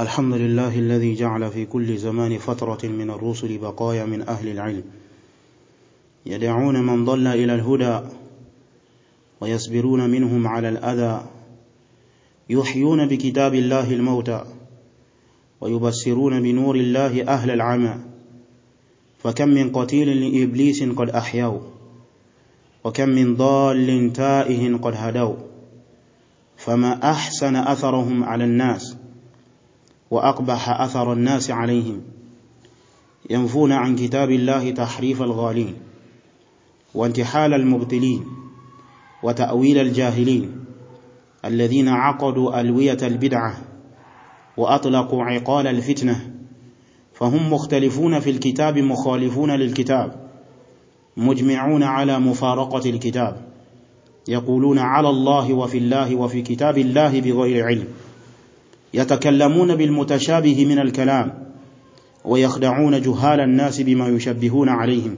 الحمد لله الذي جعل في كل زمان فترة من الرسل بقايا من أهل العلم يدعون من ضل إلى الهدى ويصبرون منهم على الأذى يحيون بكتاب الله الموتى ويبصرون بنور الله أهل العمى فكم من قتيل لإبليس قد أحيوا وكم من ضال تائه قد هدوا فما أحسن أثرهم على الناس وأقبح أثر الناس عليهم ينفون عن كتاب الله تحريف الغالين وانتحال المبتلين وتأويل الجاهلين الذين عقدوا ألوية البدعة وأطلقوا عقال الفتنة فهم مختلفون في الكتاب مخالفون للكتاب مجمعون على مفارقة الكتاب يقولون على الله وفي الله وفي كتاب الله بغير علم يتكلمون بالمتشابه من الكلام ويخدعون جهال الناس بما يشبهون عليهم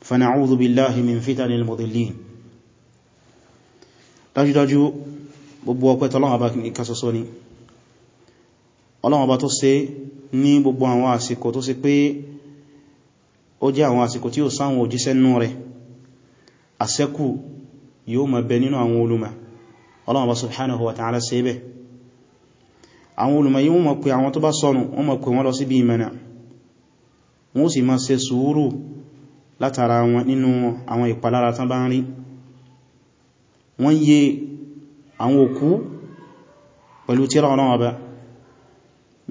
فنعوذ بالله من فتن المضلين dájúdájú gbogbo ọpẹ́ tọ́lọ́wọ́ bá ìkàsọsọ ni ọlọ́wọ́ bá tó ṣe ní gbogbo àwọn àsìkò tó ṣe pé ó jẹ́ àwọn àsìkò tí ó sáwọn òjíṣẹ́ nú rẹ̀ àṣẹ́kù yóò máa nínú àwọn olùmọ̀ ọlọ́wọ́ bá subhanahu wa ta'ala ṣe bẹ́ẹ̀ àwọn olùmọ̀yí wọ́n mọ̀ pé àwọn tó bá sọnù wọ́n mọ̀ pé wọ́n lọ sí bí ìmẹ̀nà wọ́n sì máa ṣe sùúrù látara wọn nínú àwọn ìpalára tán bá ń rí wọ́n yẹ àwọn òkú pẹ̀lú tírà ọ̀nà ọba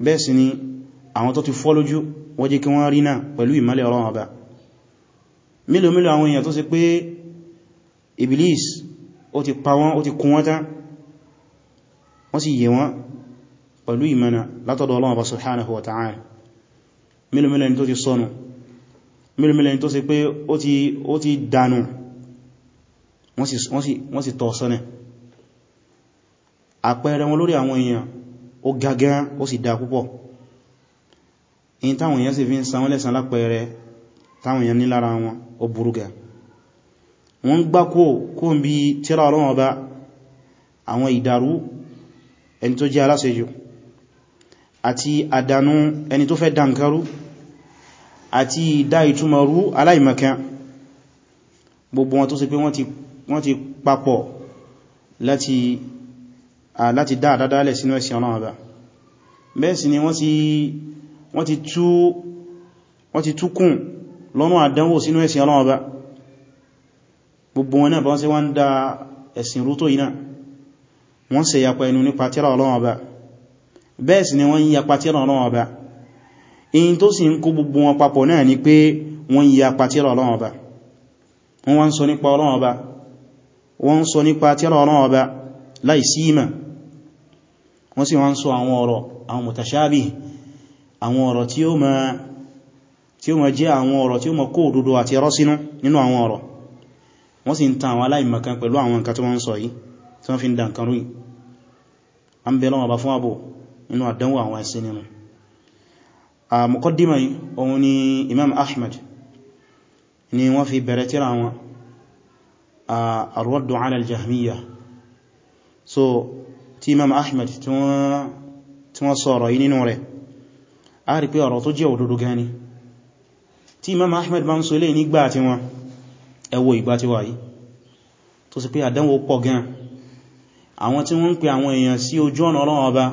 bẹ́ẹ̀ sì ni àwọn tó ti fọ́ lójú wọ́n jẹ́ kí wọ́n rí náà pẹ̀lú ìmọ́lẹ̀ ọ̀rọ̀ ọba mélòó mélòó àwọn èèyàn tó ṣe pé Iblis ó ti pa wọ́n ó ti kún wọ́n tán wọ́n sì yẹ wọ́n pẹ̀lú ìmọ̀nà látọ̀dọ̀ Ọlọ́run Ọba subhanahu wa ta'ala mílùmílẹ̀ ni tó ti sọnù mílùmílẹ̀ ni tó sì pé ó ti dànù wọ́n sì tọ́ sọ́nà àpẹẹrẹ wọn lórí àwọn èèyàn ó gagá ó sì dá púpọ̀ in táwọn èèyàn sì fi ń sanwọ́n lẹ́san lápẹẹrẹ táwọn èèyàn ní lára wọn ó burúgà wọ́n gbá kó kó ń bí tíra Ọlọ́run Ọba àwọn ìdàrú ẹni tó jẹ́ aláṣejù àti àdánú ẹni tó fẹ́ dánkarú àti ìdá ìtúmọ̀rú aláìmọ̀kan gbogbo wọn tó ṣe pé wọ́n ti papọ̀ láti dá àdádálẹ̀ sínú ẹ̀sìn ọ̀nà ọ̀bá bẹ́ẹ̀ sì ni wọ́n ti túkùn lọ́nà àdánwò sínú ẹ̀sìn ọ̀nà ọ̀bá gbogbo wọn náà bá wọ́n ṣe wọ́n dá ẹ̀sìn rú tó yìí náà wọ́n ṣe ẹnu nípa tírà Ọlọ́run ọba bẹ́ẹ̀ sì ni wọ́n yapa tírà Ọlọ́run ọba in tó sì ń kó gbogbo wọn papọ̀ náà ni pé wọ́n yapa tírà Ọlọ́run ọba wọ́n wá ń sọ nípa Ọlọ́run ọba wọ́n ń sọ nípa tírà Ọlọ́run ọba láìsí ìmọ̀ wọ́n sì wá ń sọ àwọn ọ̀rọ̀ àwọn mutashabih àwọn ọ̀rọ̀ tí ó máa tí ó ma jẹ́ àwọn ọ̀rọ̀ tí ó ma kó òdodo àti ẹ̀rọ sínú nínú àwọn ọ̀rọ̀ wọ́n sì ń ta àwọn aláìmọ̀kan pẹ̀lú àwọn nǹkan tí wọ́n ń sọ yìí tí wọ́n fi ń dànkan rú yìí a ń bẹ lọ́wọ́ bá fún àbò nínú àdánwò àwọn ẹsẹ nínú a mukaddima yìí òun ni imam ahmad ni wọ́n fi bẹ̀rẹ̀ tíra wọn a arwaddu ala aljahmiya so ti imam ahmad tí wọ́n sọ̀rọ̀ yìí nínú rẹ̀ a rí pé ọ̀rọ̀ tó jẹ́ òdodo gani tí imam ahmad bá ń sọ ilé nígbà tí wọ́n ẹwọ ìgbà tí wà yìí tó sì pé àdánwò pọ̀ gan àwọn tí wọ́n ń pè àwọn èèyàn sí ojú ọ̀nà ọlọ́run ọba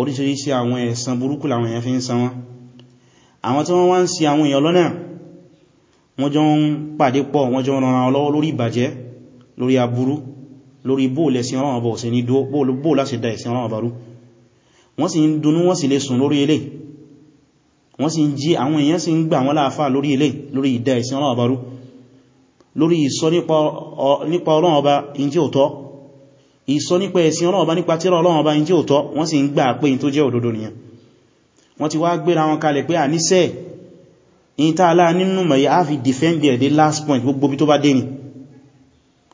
oríṣiríṣi àwọn ẹ̀san burúkú làwọn èèyàn fi ń san wọ́n àwọn tí wọ́n wá ń ṣì àwọn èèyàn lọ́nà wọ́n jọ ń pàdé pọ̀ wọ́n jọ ń ran ara lọ́wọ́ lórí ìbàjẹ́ lórí aburú lórí bóòlẹ̀ sí ọlọ́wọ́ bọ̀ sí ní bóòlá sí da ìsìn ọlọ́wọ́ barú wọ́n sì ń dunú wọ́n sì lè sùn lórí ilé wọ́n sì ń jí àwọn èèyàn sì ń ìsọ nípa ẹ̀sìn ọlọ́ọ̀bá nípa tíra ọlọ́ọ̀bá in tí ó tọ́ wọ́n sì ń gbà pé in tó jẹ́ òdodo nìyàn wọ́n ti wá gbéra wọn kalẹ̀ pé à níṣẹ́ nínú mẹ̀yí a fi defend last point gbogbo bí tó bá dé ni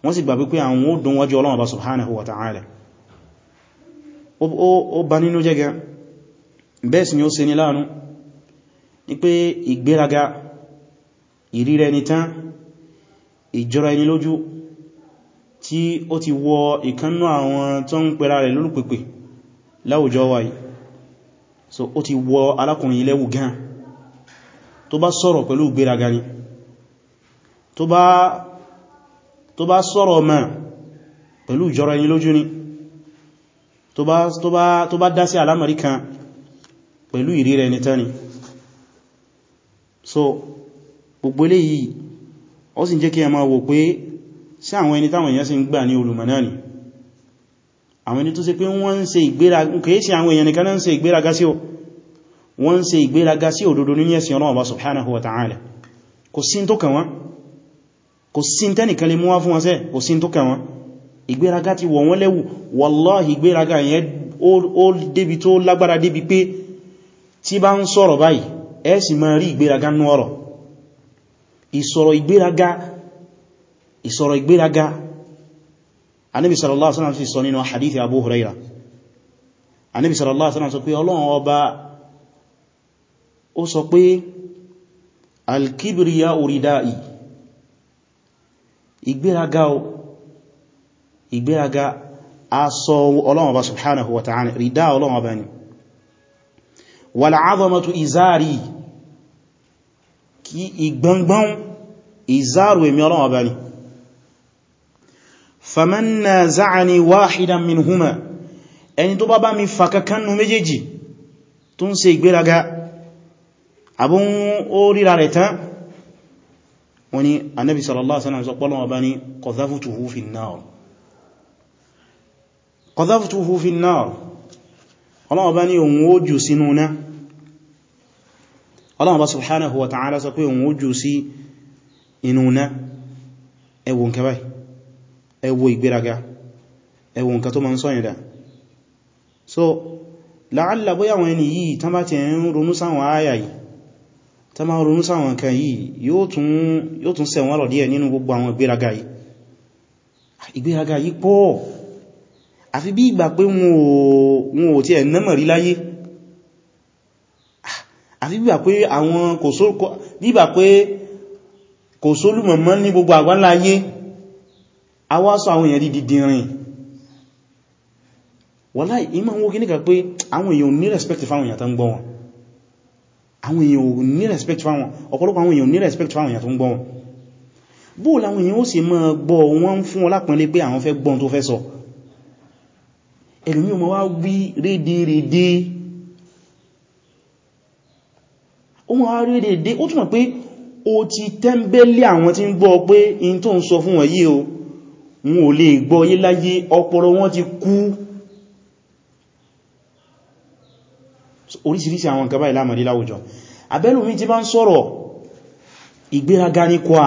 wọ́n sì gbà pé àwọn ó dùn wájú ọlọ́ọ̀bá subhanahu wa ta'ala ó ba nínú jẹ́ gan bẹ́ẹ̀ sì ni ó ṣe ní láàánú ni pé ìjọra ẹni lójú tí ó ti wọ ìkánnú àwọn tó ń pera rẹ̀ lólùpẹ̀pẹ̀ láwùjọ wa yìí so ó ti wọ alákùnrin ilẹ́wù gan tó bá sọ̀rọ̀ pẹ̀lú ìgbéraga ni tó bá sọ̀rọ̀ mẹ́ pẹ̀lú ìjọra ẹni lójú ni tó bá dá sí alámàrí kan pẹ̀lú ìrí rẹ̀ ní tẹ́ni so gbogbo eléyìí ó sì jẹ́ kí ẹ máa wò pé sí àwọn ẹni táwọn èèyàn sì ń gbà ní olùmọ̀ náà ni àwọn ẹni tó ṣe pé wọ́n ń ṣe ìgbéraga kìí sí àwọn èèyàn nìkan ń ṣe ìgbéraga sí ò wọ́n ń ṣe ìgbéraga sí òdodo nínú ẹ̀sìn Ọlọ́run Ọba subhanahu wa ta'ala kò sí tó kàn wọ́n kò sí tẹ́nìkan lè mú wá fún wọn sẹ́ kò ìsọ̀rọ̀ ìgbéraga anábi sallallahu alaihi wasallam fi sọ nínú hadithi abu huraira anábi sallallahu alaihi wasallam sọ pé ọlọ́run ọba ó sọ pé alkibriya oridai ìgbéraga o ìgbéraga aṣọ ọlọ́run ọba subhanahu wa ta'ala ridá ọlọ́run ọba ni wal'azamatu izari kí ìgbọ̀ngbọ̀n ìzáàrù èmi ọlọ́run ọba ni faman naza'ani wahidan minhuma ẹni tó bá bá mi fàkakannu méjèèjì tó ń ṣe ìgbéraga abun ó ríra rẹ̀ tán wọ́n ní annabi sallallahu alaihi wasallam sọ pọ́lọ́wọ́ bá ní qadhaftuhu fin nar qadhaftuhu fin nar ọlọ́wọ́ bá ní òun ó jù sínú náà ọlọ́wọ́ bá subhanahu wa ta'ala sọ pé òun ó jù sí inú náà ẹwùn kẹbàá ẹ wo ìgbéraga ẹ wo nǹkan tó ma ń sọ́yìn dá so láàlá bóyá wọn ẹni yìí tán bá ti ń ronú sáwọn áyà yìí tán bá ronú sáwọn nǹkan yìí yóò tún ṣe wọ́n lọ díẹ̀ nínú gbogbo àwọn ìgbéraga yìí ìgbéraga yìí pọ̀ àfi bí ìgbà pé wọn ò tiẹ̀ nẹ́mọ̀ rí láyé àfi bí ìgbà pé àwọn kò sólùmọ̀mọ́ ní gbogbo àgbáńlá a wá sọ àwọn èèyàn di dìdìnrìn wàláì ìmọ̀ owó gíníkà pé àwọn èèyàn ní respect fáwọn èèyàn tó ń gbọ́ wọn àwọn èèyàn ní respect fáwọn ọ̀pọ̀lọpọ̀ àwọn èèyàn ní respect fáwọn èèyàn tó ń gbọ́ wọn bóò láwọn èèyàn ó sì mọ́ gbọ́ wọn fún wọn lápẹẹlẹ pé àwọn fẹ́ gbọ́n tó fẹ́ sọ ẹlòmí ọmọ wá wí rédèrèdè ó mọ́ wá rédèrèdè ó túnmọ̀ pé ó ti tẹ́ńbẹ́lẹ̀ wọn ò lè gbọ́ yé láyé ọpọlọ wọn ti kú oríṣiríṣi àwọn nǹkan báyìí lámàrí láwùjọ abẹ́lùmí ti bá ń sọ̀rọ̀ ìgbéraga ní kwà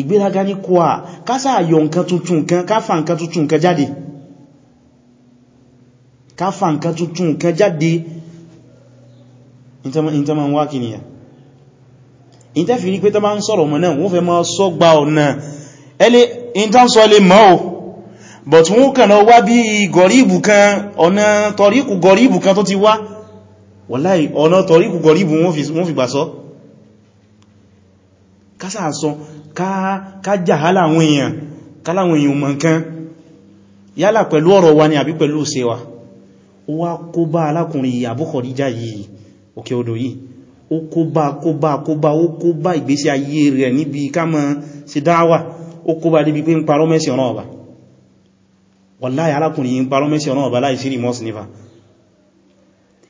ìgbéraga ní kwà kásà yọ nǹkan tuntun kan káfà nǹkan tuntun kan jáde káfà nǹkan tuntun kan jáde ìntẹ́mà ń wá kìnìyàn ìntẹ́fì rí pé tọ́ ń sọ̀rọ̀ mọ̀ náà wọ́n fẹ́ máa sọ́gbà ọ̀nà ẹlẹ́ in tán sọ lè mọ́ o but wọ́n kàn lọ wá bí gọ̀ríbù kan ọ̀nà tọ̀ríkù gọ̀ríbù kan tó ti wá wàláì ọ̀nà tọ̀ríkù gọ̀ríbù wọ́n fi gbà sọ kásà sọ ká jàhálà àwọn èèyàn káláwọn èèyàn mọ̀ nǹkan Abu Khadija yìí òkè odò yìí ó kó bá kó bá kó bá ó kó bá ìgbésí ayé rẹ̀ níbi ká mọ́ sí dáwà ó kó bá débi pé ń parọ́ mẹ́sìn ọ̀nà ọba wàláhì alákùnrin yìí ń parọ́ mẹ́sìn ọ̀nà ọba láì sírì mọ́sí nífà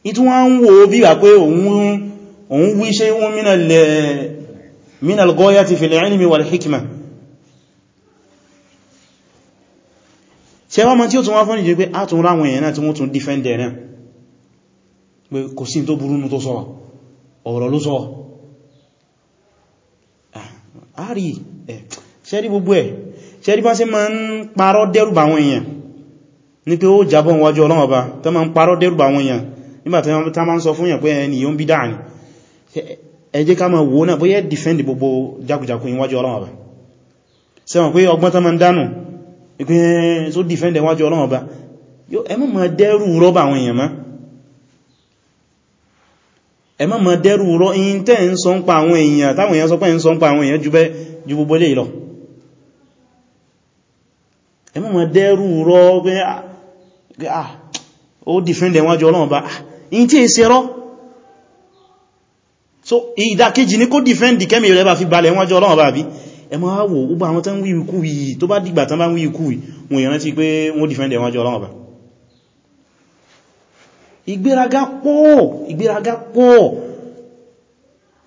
ìtú wọ́n ń wo bí wà pé òun wí ṣe wọ́n mínal gọ́yà ti fìlẹ̀ ilmi wal hikima ṣe wọ́n ma tí ààrí ẹ̀ ṣẹ́rí gbogbo ẹ̀ ṣẹ́rí bá ṣe ma ń parọ́ dẹ́rùbà àwọn èèyàn ní pé ó jábọ̀ wájú Ọba tó ma ń parọ́ dẹ́rùbà àwọn èèyàn nígbàtí ta ma ń sọ fún èèyàn pé ẹni yóò ń bí dáàni ẹ ma wò náà bóyá ma dẹ́rù ma rọ́ in tẹ́ ń sọ ń pa àwọn èèyàn táwọn èèyàn sọ ń sọ ń ẹ má ma dẹ́rù rọ pé ah, ah ó dìfẹ́ndẹ̀ wájú ọlọ́run bá ah, in tí è ṣe rọ́ so ìdákejì ní kó dìfẹ́ndì kẹ́mì rẹ̀ bá fi balẹ̀ wájú ọlọ́run bá bí ẹ má wò ó bá wọn tán wí ikú yìí tó bá dìgbà tán bá wí ikú yìí wọn ìrántí pé wọ́n dìfẹ́ndẹ̀ ọlọ́run bá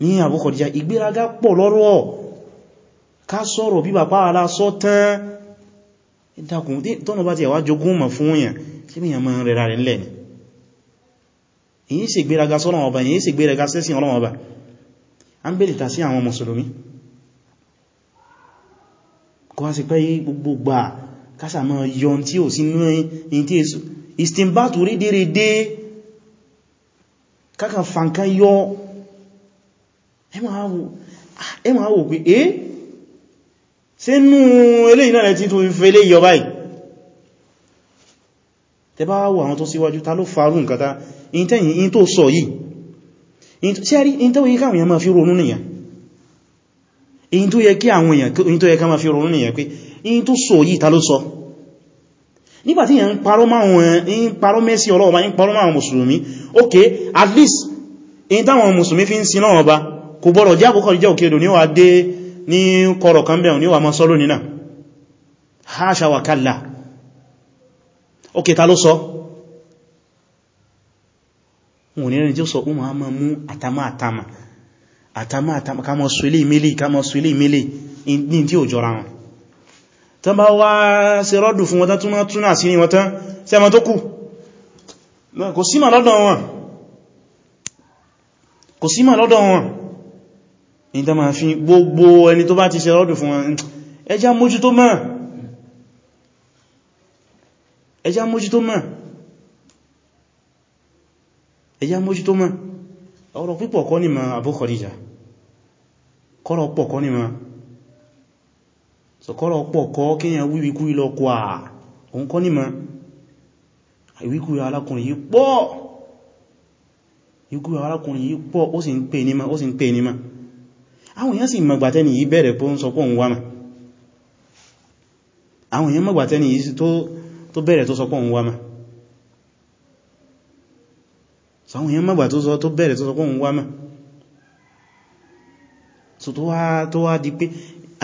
ní àbúkọ̀díjá ìgbéraga pọ̀ lọ́rọ̀ ká sọ̀rọ̀ bí bàbá alásọ́tán ìtakùn tọ́nà bá ti ẹ̀wà jogún mọ̀ fún èèyàn tí èèyàn máa ń rẹ̀ra rẹ̀ lẹ̀ ni èyí sì gbéraga sọ́nà ọba èyí sì gbéraga sẹ́sìn ọlọ́wọ́ ọba a ń bèèrè ta sí àwọn mùsùlùmí kọ́ wá sí pé gbogbo gbà kásà mọ́ yọ sínú eléyìí náà tí tún fi eléyìí yọ báyìí tẹ bá wọ àwọn tó síwájú ta ló farú nǹkan ta in tẹ́yìn in tó sọ yìí sẹ́rí in tó yẹ káwọn èèyàn máa fi ronú nìyàn in tó yẹ kí àwọn èèyàn in tó yẹ ká máa fi ronú nìyàn pé in tó sọ yìí ta ló sọ nígbàtí èèyàn ń parọ́ mẹ́sí Ọlọ́run ń parọ́ máwọn mùsùlùmí ok at least in táwọn mùsùlùmí fi ń sin náà ọba kò bọ́rọ̀ jẹ́ àkókò ìjẹ́ òkèdò ní dé ní kọrọ kan bẹ̀rún mọ́ sọ́lọ́ nínà wa kalla ókè ta ló sọ wọn ni tí sọ ọmọ àmà mú àtàmà àtàmà àtàmà àtàmà ká mọ́ sọ ìmẹ́lẹ̀ ká mọ́ sọ ìmẹ́lẹ̀ ní tí jọra wọn tán bá wá ṣe rọ́dù fún wọn túnà sí ni tán sí ẹmọ tó kù kò símà lọ́dọ̀ wọn ní tó máa fi gbogbo ẹni tó bá ti ṣe rọ́dù fún wọn ẹjá mójútó mọ́ ẹjá mójútó mọ́ ẹjá mójútó mọ́ ọ̀rọ̀ púpọ̀ kọ́ ní ma Abu Khadija kọ́rọ̀ pọ̀ kọ́ ní ma so kọ́rọ̀ pọ̀ kọ́ kíyàn wíwíkú ilọ̀ kwà òun kọ́ ní ma ìwíkú alákùnrin yìí pọ̀ ó sì ń pè ní ma àwọn èèyàn sì mọ̀gbàtẹ́ ni yìí bẹ̀rẹ̀ pọ́ ń sọ pọ́ ń wá mà àwọn èèyàn mọ̀gbàtẹ́ ni yìí tó bẹ̀rẹ̀ tó sọ pọ́ ń wá mà sàwọn èèyàn mọ̀gbà tó bẹ̀rẹ̀ tó sọ pọ́ ń wá mà so tó wá tó wá di pé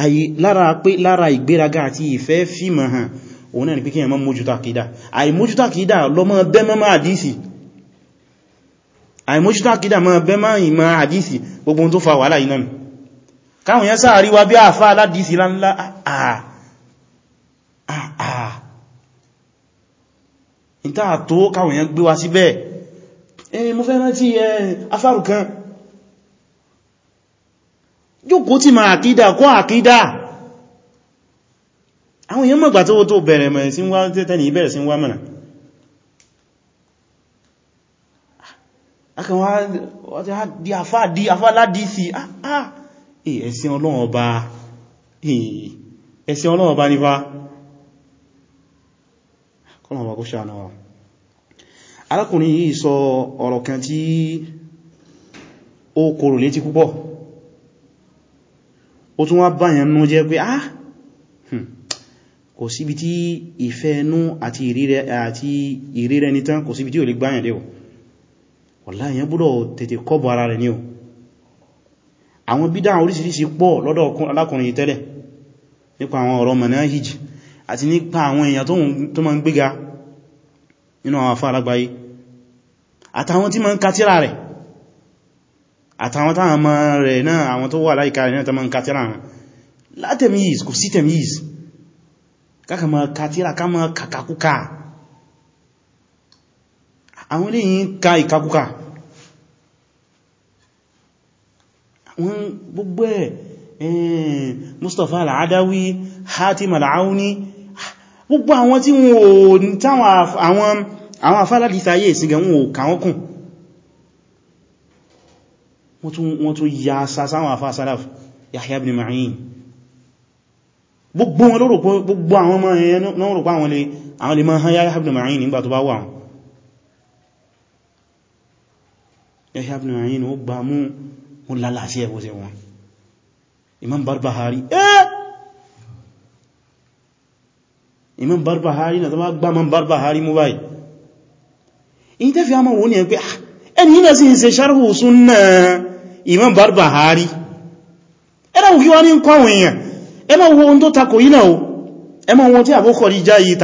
àyè lára pé lára ìgbéraga àti ìfẹ́ fíìmọ̀ hàn òun náà ni pé ẹ̀mọ́ mójútó àkídà àìmójútó àkídà lọ́mọ bẹ́mọ́ máa mọ́ àdísì gbogbo tó fa wàhálà yìí náà káwọn yẹn sáà ríwá bí àfá aládìsí láńlá àà ah, ah. ah, ìta àtó káwọn yẹn gbé wa síbẹ̀ ẹni mo fẹ́ rántí ẹ afárù kan jókòó tí ma àkídà kọ́ àkídà àwọn èèyàn mọ̀gbà tó tó bẹ̀rẹ̀ mẹ̀ sí wá tẹ́tẹ́ ní ìbẹ̀rẹ̀ sí wá mọ̀nà akẹwàá di afá di afá ládìí sí ah ẹ̀sìn ọlọ́run ọba ẹ̀sìn ọlọ́run ọba ní bá kọ́nà ọba kó ṣàánà wa alákùnrin yìí sọ ọ̀rọ̀ kan tí ó kòrò létí púpọ̀ ó tún wá báyàn nú jẹ́ pé ah kò síbi tí ìfẹ́ ẹnú àti ìrírẹ ní tán kò síbi tí ò lè gbáyàn lé o wàlá èyàn gbọ́dọ̀ tètè kọ́bọ̀ ara rẹ̀ ní o àwọn bídá oríṣiríṣi pọ̀ lọ́dọ̀ alákùnrin tẹ́lẹ̀ nípa àwọn ọ̀rọ̀ manahij àti nípa àwọn èèyàn tó ma ń gbéga nínú àwọn afá alágbáyé àtàwọn tí ma ń katira rẹ̀ àtàwọn táwọn ma rẹ̀ náà àwọn tó wà láìka rẹ̀ náà tó ma ń katira ma katira ká ma kàkàkúkà àwọn eléyìn ka wọ́n gbogbo ẹ̀ eh, Mustapha al-Adawi Hatim al-Auni gbogbo àwọn tí wọ́n táwọn àwọn afálàdìta ayé ìsìnkẹ̀ wọn ò kàwọn kùn wọ́n tún ya sáwọn afá salaf Yahya ibn Ma'in gbogbo wọn lórò gbogbo àwọn ọmọ ẹ̀yẹn náà àwọn lè àwọn lè Yahya ibn Ma'in nígbà tó bá wà Yahya ibn Ma'in ó gbà mú wọ́n lálàáṣí ẹ̀wọ́ sí wọn Imam Barbahari ẹ́ Imam Barbahari na tó bá gbá Imam Barbahari mú báyìí in tẹ́fì a máa wọ́n ni ẹgbẹ́ ẹni yína sí ṣe sharhu sunna Imam Barbahari ẹ̀rọ òkú wá ní ń kọ́ àwọn èèyàn ẹ máa wo ohun tó takò yí náà ẹ máa wọn tí àbókọ̀ rí já yìí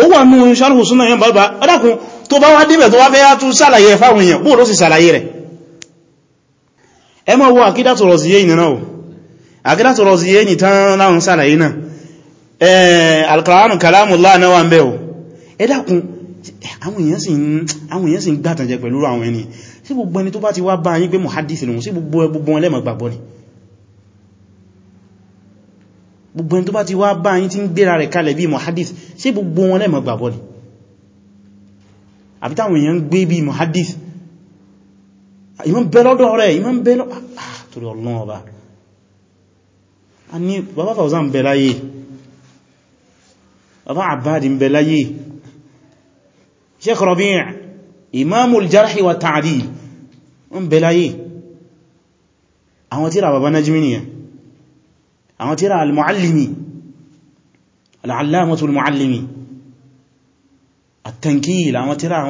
ó wà nù sharhu sunna Imam Barbahari ọdákun tó bá wá débẹ̀ tó wá fẹ́ yá tún sàlàyé fáwọn èèyàn bóò ló sì sàlàyé rẹ̀ ẹ máa wo àkídàtò rọ̀zíyé ìnìyàn o àkídàtò rọ̀zíyé ní tán láwọn sàlàyé náà alkùránù kalamullah náà wà ń bẹ́ o ẹ dákun àwọn èèyàn sì ń gbàtànjẹ pẹ̀lú àwọn ẹni sí gbogbo ẹni tó bá ti wá bá yín pé muhaddith lòun sí gbogbo ẹgbogbo wọn lẹ́mọ̀ gbàgbọ́ ni gbogbo ẹni tó bá ti ìmọ̀ bẹ lọ́dọ̀ rẹ̀ ìmọ̀ bẹ lọ́dọ̀ ah, ah, torí ọlọ́run ọba a ní bàbá fàúzà ń bẹ láyé bàbá àbáàdì ń bẹ láyé Sheikh Rabi' imamul jarhi wa ta'dil ń bẹ láyé àwọn tíra bàbá Najmi nìyẹn àwọn tíra al-Muallimi al-Allamatul Muallimi al allamatul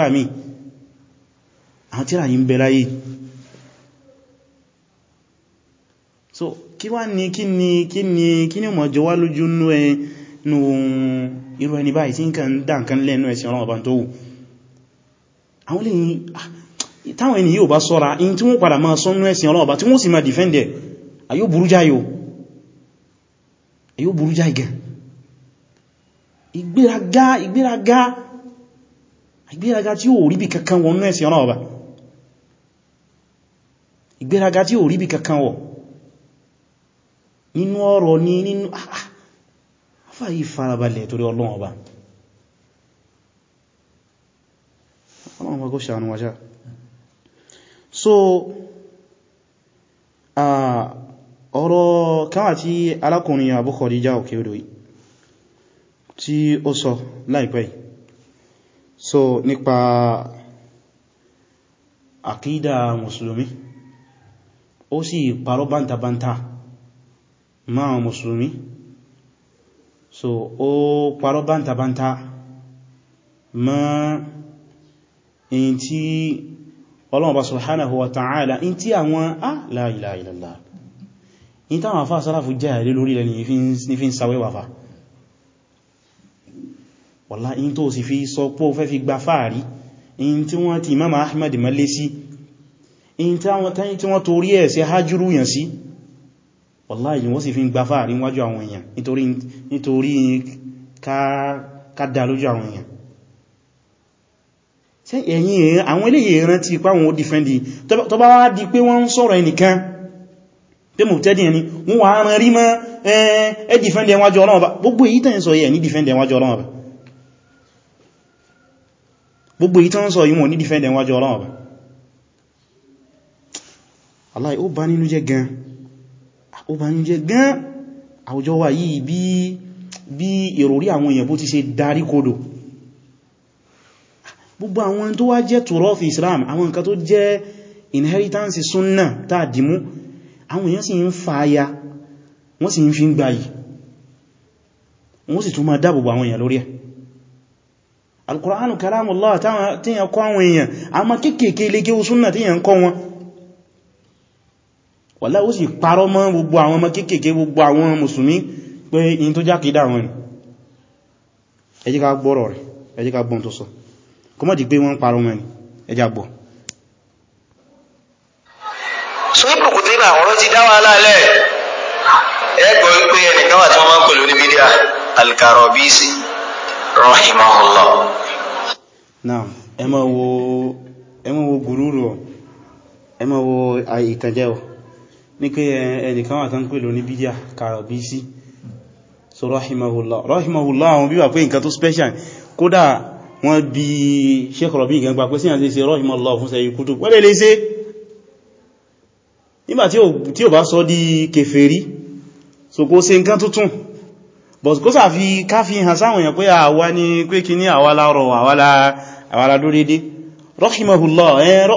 muallimi àwọn tíra yìí ń bẹ láyé so kí wá ní kí ni kí ni kí ni mọ̀ jọwá lójú nú ẹ nù irú ẹni báyìí tí nǹkan dá nǹkan lẹ́nu ẹ̀sìn ọ̀rọ̀ ọ̀bá tó wù àwọn lè ah, táwọn ẹni yóò bá sọ́ra in tí wọ́n padà máa sọ́nú ẹ̀sìn ọ̀rọ̀ ọ̀bá tí wọ́n sì máa dìfẹ́ndẹ̀ àyó e, burú jáyò àyó burú jáyì gan ìgbéraga ìgbéraga ìgbéraga tí ó rí bí kankan wọnú ẹ̀sìn ọ̀rọ̀ ìgbéraga tí ò rí bí kankan wọ̀ nínú ọ̀rọ̀ ní nínú afá ah, ah. yìí farabalẹ̀ torí ọlọ́wọ̀n ọba ọlọ́wọ̀n ọba kó ṣàánú wáṣá so ọ̀rọ̀ káwà tí alákùnrin Abu Khadija òkè odò yìí tí ó sọ láìpẹ́ yìí so nípa àkídà mùsùlùmí ó sì parọ́ bántabántà ma àwọn mùsùlùmí so ó parọ́ bántabántà ma in tí Ọlọ́run bá subhanahu wa ta'ala in tí àwọn ah la ilaha illallah in táwọn afá sáráfù jẹ́ àrí lórí rẹ̀ ní fi ń sàwẹ́wà fà wọ́lá in tó sì fi sọ pọ́ fẹ́ fi gba fáàrí in tí wọ́n ti imam ahmad malé sí si, in tí wọ́n torí ẹ̀ sí hajjúrú yàn sí wàláhì wọ́n sì fi ń gba fàárí wájú àwọn èèyàn nítorí kádà lójú àwọn èèyàn ẹ̀yìn àwọn eléyìí ìrántí ipá wọn ó dìfẹ́ndì tó bá wá di pé wọ́n ń sọ̀rọ̀ ẹnìkan pé mò tẹ́dì gbogbo aláì ó bá nínú jẹ́ gan ó bá nínú jẹ́ gan àwùjọ wa yìí bí bí ìròrí àwọn èèyàn bó ti ṣe darí kodò gbogbo àwọn tó wá jẹ́ turoth Islam àwọn nǹkan tó jẹ́ inheritance sunna tàdìmú àwọn èèyàn sì ń fa aya wọ́n sì ń fi ń gbayì wọ́n sì tún máa dáàbòbò àwọn èèyàn lórí ẹ̀ al kalamullah tí yàn kọ́ àwọn èèyàn a ma kéèkéé lékẹ́ sunna tí yàn kọ́ wọn wàlá ó sì parọ́ mọ́ gbogbo àwọn ọmọ kéékèèké gbogbo àwọn mùsùlùmí pé in tó jákèdá wọn ẹ jẹ́ ká gbọ́rọ̀ rẹ̀ ẹ jẹ́ ká gbọ́n tó sọ kó mọ́ di pé wọ́n parọ́ mọ́ ni ẹ jẹ́ gbọ́ ẹgbọ́ wípé ẹnìkan wà tí wọ́n máa ń pè lórí bídíà alkarobisi rahimahullah náà ẹ máa wo gúrúrù ẹ máa wo ìtànjẹ́ ọ̀ ní pé ẹnìkan wà tán pèlò ní bídíà kàràbísí so rahimahullah rahimahullah àwọn bíbà pé nǹkan tó special kódà wọ́n bí Sheikh Rabi nǹkan gbà pé síyàn sí ṣe rahimahullah fún sẹ́yí kútù wọ́n lè lè nígbà tí ò bá sọ di kèfèrí so kó ṣe nǹkan tuntun but kó sàfi káfí hàn sáwọn ni pé kí ní àwa lárọ̀ àwa lá àwa lá dúrédé rahimahullah ẹ̀rọ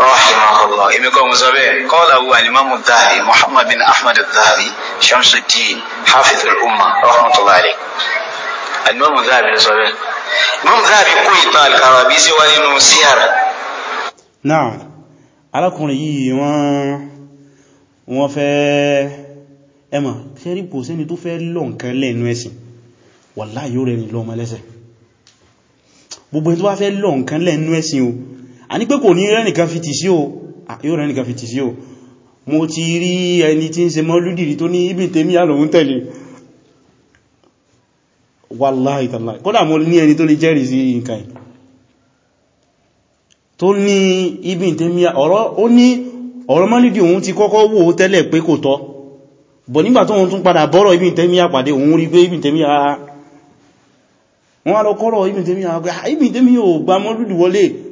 rahimahullah èmi kọ́ mo sọ bẹ́ẹ̀ kọ́lá wo alimami dhahabi muhammad bin ahmed dhahabi shamsuddin hafiz al-umma rahmatullahi alayhi alimami dhahabi ló sọ bẹ́ẹ̀ imam dhahabi kó ìtàn al-Karabi sí wa nínú síyàrá. náà alákùnrin yìí wọ́n wọ́n fẹ́ ẹmà ṣẹ́rí kò sẹ́ni tó fẹ́ lọ nǹkan lẹ́nu ẹ̀sìn wallahi yóò rẹ̀ ní lọ́mọ lẹ́sẹ̀ gbogbo ẹni tó bá fẹ́ lọ nǹkan lẹ́nu ẹ̀sìn o a ní pé kò ní rẹ́nìkan fi tì sí o yóò rẹ́nìkan fi tì sí o mo ti rí ẹni tí ń ṣe mọ́lúdìrí tó ní ibi tèmi àlòun tẹ̀lé wàláhì tàláhì kódà mo ní ẹni tó lè jẹ́rìí sí nǹkan tó ní ibi tèmi ọ̀rọ̀ ó ní ọ̀rọ̀ mọ́lúdì òun ti kọ́kọ́ wò ó tẹ́lẹ̀ pé kò tọ́ bọ̀ nígbà tó òun tún padà bọ́rọ̀ ah, ah, ah. wọ́n á lọ kọ́rọ̀ ibi tèmi àá ibi tèmi ò gbà wọlé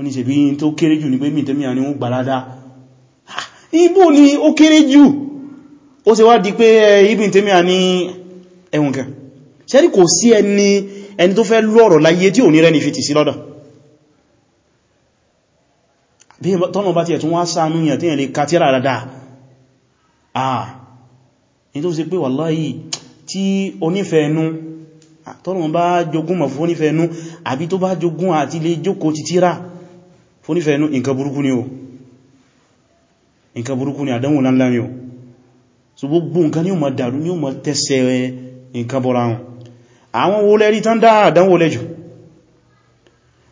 ó ní ṣe bí tó kéré jù ní pé mí tẹ́mí àrin gbàládá ibò ni ó kéré jù ó ṣe wá di pé ibi tẹ́mí ni, ẹ̀wùn kẹ ṣẹ́rí kò sí ẹni ẹni tó fẹ́ lọ́rọ̀ láyé tí ò ní rẹ́ni fi tì sí lọ́dọ̀ bí tọ́nà bá ti ẹ̀tún wá sánú yàn tí yàn lè ka tíra dáadáa àà ní tó ṣe pé wàláyì tí onífẹ́ ẹnu mọ̀ fún onífẹ́ ẹnu àbí tó bá jogún àti lè jókòó ti fún nífẹ̀ẹ́ inú nǹkan burúkú ni o nǹkan burúkú ni àdánwò ńlá ni o so gbogbo nǹkan ni o ma dàrú ni o ma tẹ́sẹ̀ nǹkan bọ́ra wọn àwọn wo lẹ́rí tán dá àdánwò lẹ́jù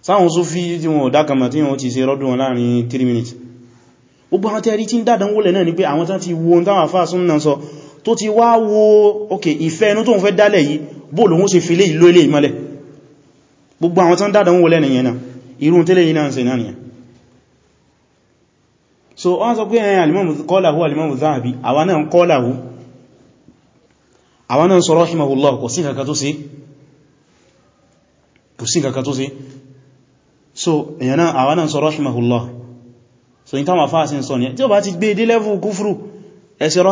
sáwọn Sufi tí wọn dákàmà tí wọn ti ṣe rọ́dùn wọn láàrin 3 minutes gbogbo àwọn tẹ́rí tí ń dádánwò lẹ̀ náà ni pé àwọn tán ti wo táwọn àfáà sún náà sọ tó ti wá wo ok ìfẹ́ inú tó ń fẹ́ dálẹ̀ yìí bóòlù wọn ṣe fi lé ìlú ilé ìmọ́lẹ̀ gbogbo àwọn tán dádánwò lẹ́nìyàn náà irú tẹ́lẹ̀ yìí náà ṣe náà nìyà so wọ́n sọ pé ẹ̀yìn eh, alimamu kọ́láhù alimamu záàbí àwọn náà kọ́láhù àwọn náà sọ rahimahullah kò sí kankan tó sí kò sí kankan tó sí so ẹ̀yìn náà àwọn náà sọ rahimahullah so ní táwọn afáà sí sọ ní tí ó bá ti gbé e dé lẹ́fù kúfrù ẹsẹ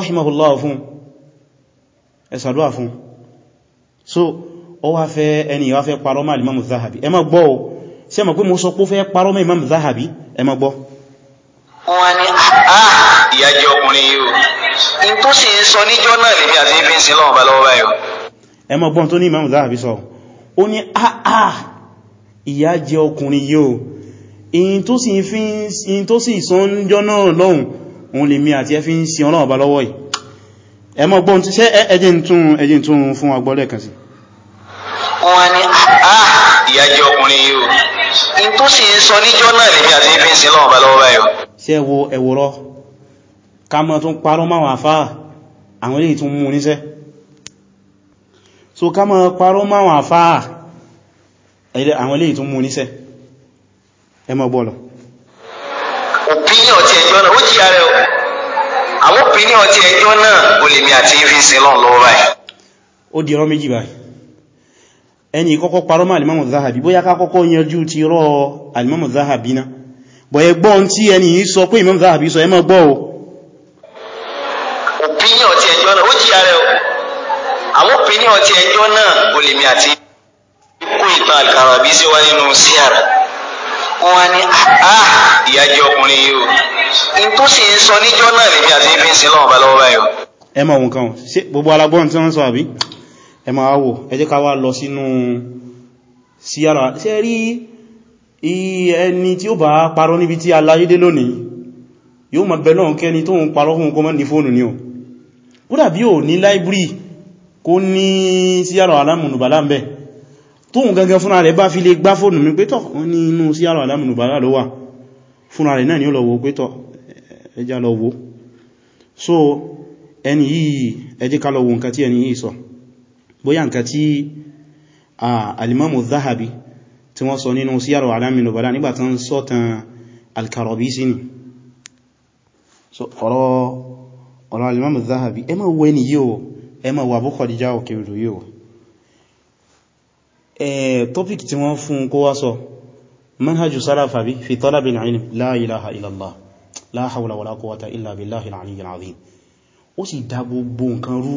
so ó wá fẹ́ ẹni wá fẹ́ parọ́ mọ́ se mọ̀ pé mo sọ pé ó fẹ́ parọ́ mọ́ Imam Zahabi ẹ má gbọ́ wọ́n ní ah, ah ìyá jẹ́ ọkùnrin yìí o in tó sì ń sọ níjọ́ náà lèmi àti ibi ń sin lọ́wọ́ bá lọ́wọ́ báyìí ẹ má gbọ́n tó ní Imam Zahabi sọ ó ní ah ah ìyá jẹ́ ọkùnrin yìí o in tó sì sọ níjọ́ náà lọ́hùn òun lèmi àti ẹ fi ń sin ọlọ́wọ́ bá lọ́wọ́ yìí ẹ má gbọ́n tí ṣe ẹjẹ́ ń tún fún agbọ́lẹ̀ kan sí wọ́n ní ah, ah ìyá jẹ́ ọkùnrin yìí n tó sì ń sọ níjọ́ náà lèmi àti ibi ń sin lọ́wọ́ bá lọ́wọ́ báyọ̀ sí ẹwọ ẹwọ̀rọ̀ ká mọ́ tún parọ́ máwọn àfáà àwọn ilé ìtún mú níṣẹ́ so ká mọ́ parọ́ máwọn àfáà àwọn ilé ìtún mú níṣẹ́ ẹ mọ́ gbọ́lọ̀ opinion ti ẹjọ́ náà ó jí ààrẹ o àwọn opinion ti ẹjọ́ náà olèmi àti ibi ń sin lọ́wọ́ báyìí ó di ọ̀rọ̀ méjì ẹni ìkọ́kọ́ parọ́ mọ́ alimamu zahabi bóyá ká kọ́kọ́ yanjú ti rọ́ alimamu zahabi náà bọ̀ ẹ gbọ́ tí ẹni yìí sọ pé imam zahabi sọ ẹ má gbọ́ o opinion ti ẹjọ́ náà ó jìyà rẹ̀ o àwọn opinion ti ẹjọ́ náà kò lè mi àti kó ìtàn Alkarabi sí wá nínú síyàrá wọ́n wá ní àá ah, ah, ìyájẹ́ ọkùnrin yìí ẹ ma wò ẹ jẹ́ ká wá lọ sínú síyára ṣe rí ẹni tí ó bá parọ́ níbi tí aláyédé lónìí yóò ma bẹ̀ náà kẹ́ni tó ń parọ́ fún kọmọ́ ní fóònù ní ọ̀ ó dàbí ò ní láìbírì kó ní síyára alámùnùbàlá ń bẹ̀ tóhun gangan fúnra rẹ̀ bá fi lè gbá fóònù mi pétọ̀ ní inú síyára alámùnùbàlá ló wà fúnra rẹ̀ náà ni ó lọ wo pétọ̀ ẹjá lọ wo so ẹni yìí ẹ jẹ́ ká lọ wo nǹkan tí ẹni yìí sọ so bóyá nǹkan tí alimamu zahabi tí wọ́n sọ nínú síyàrọ̀ alaminu bala nígbàtán sọ́tàn alkarobisi ni ọ̀rọ̀ alimamu zahabi ẹ ma wẹ́ ni yíò ẹ ma wà búkọ̀ díjá òkèrò yíò topic tí wọ́n fún kó wá sọ manhajjú sáráfà bí fi talabil ilm la ilaha illallah la hawla wala quwwata illa billahi al-aliyyil azim ó sì dá gbogbo nǹkan rú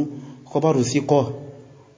kọbárù sí kọ́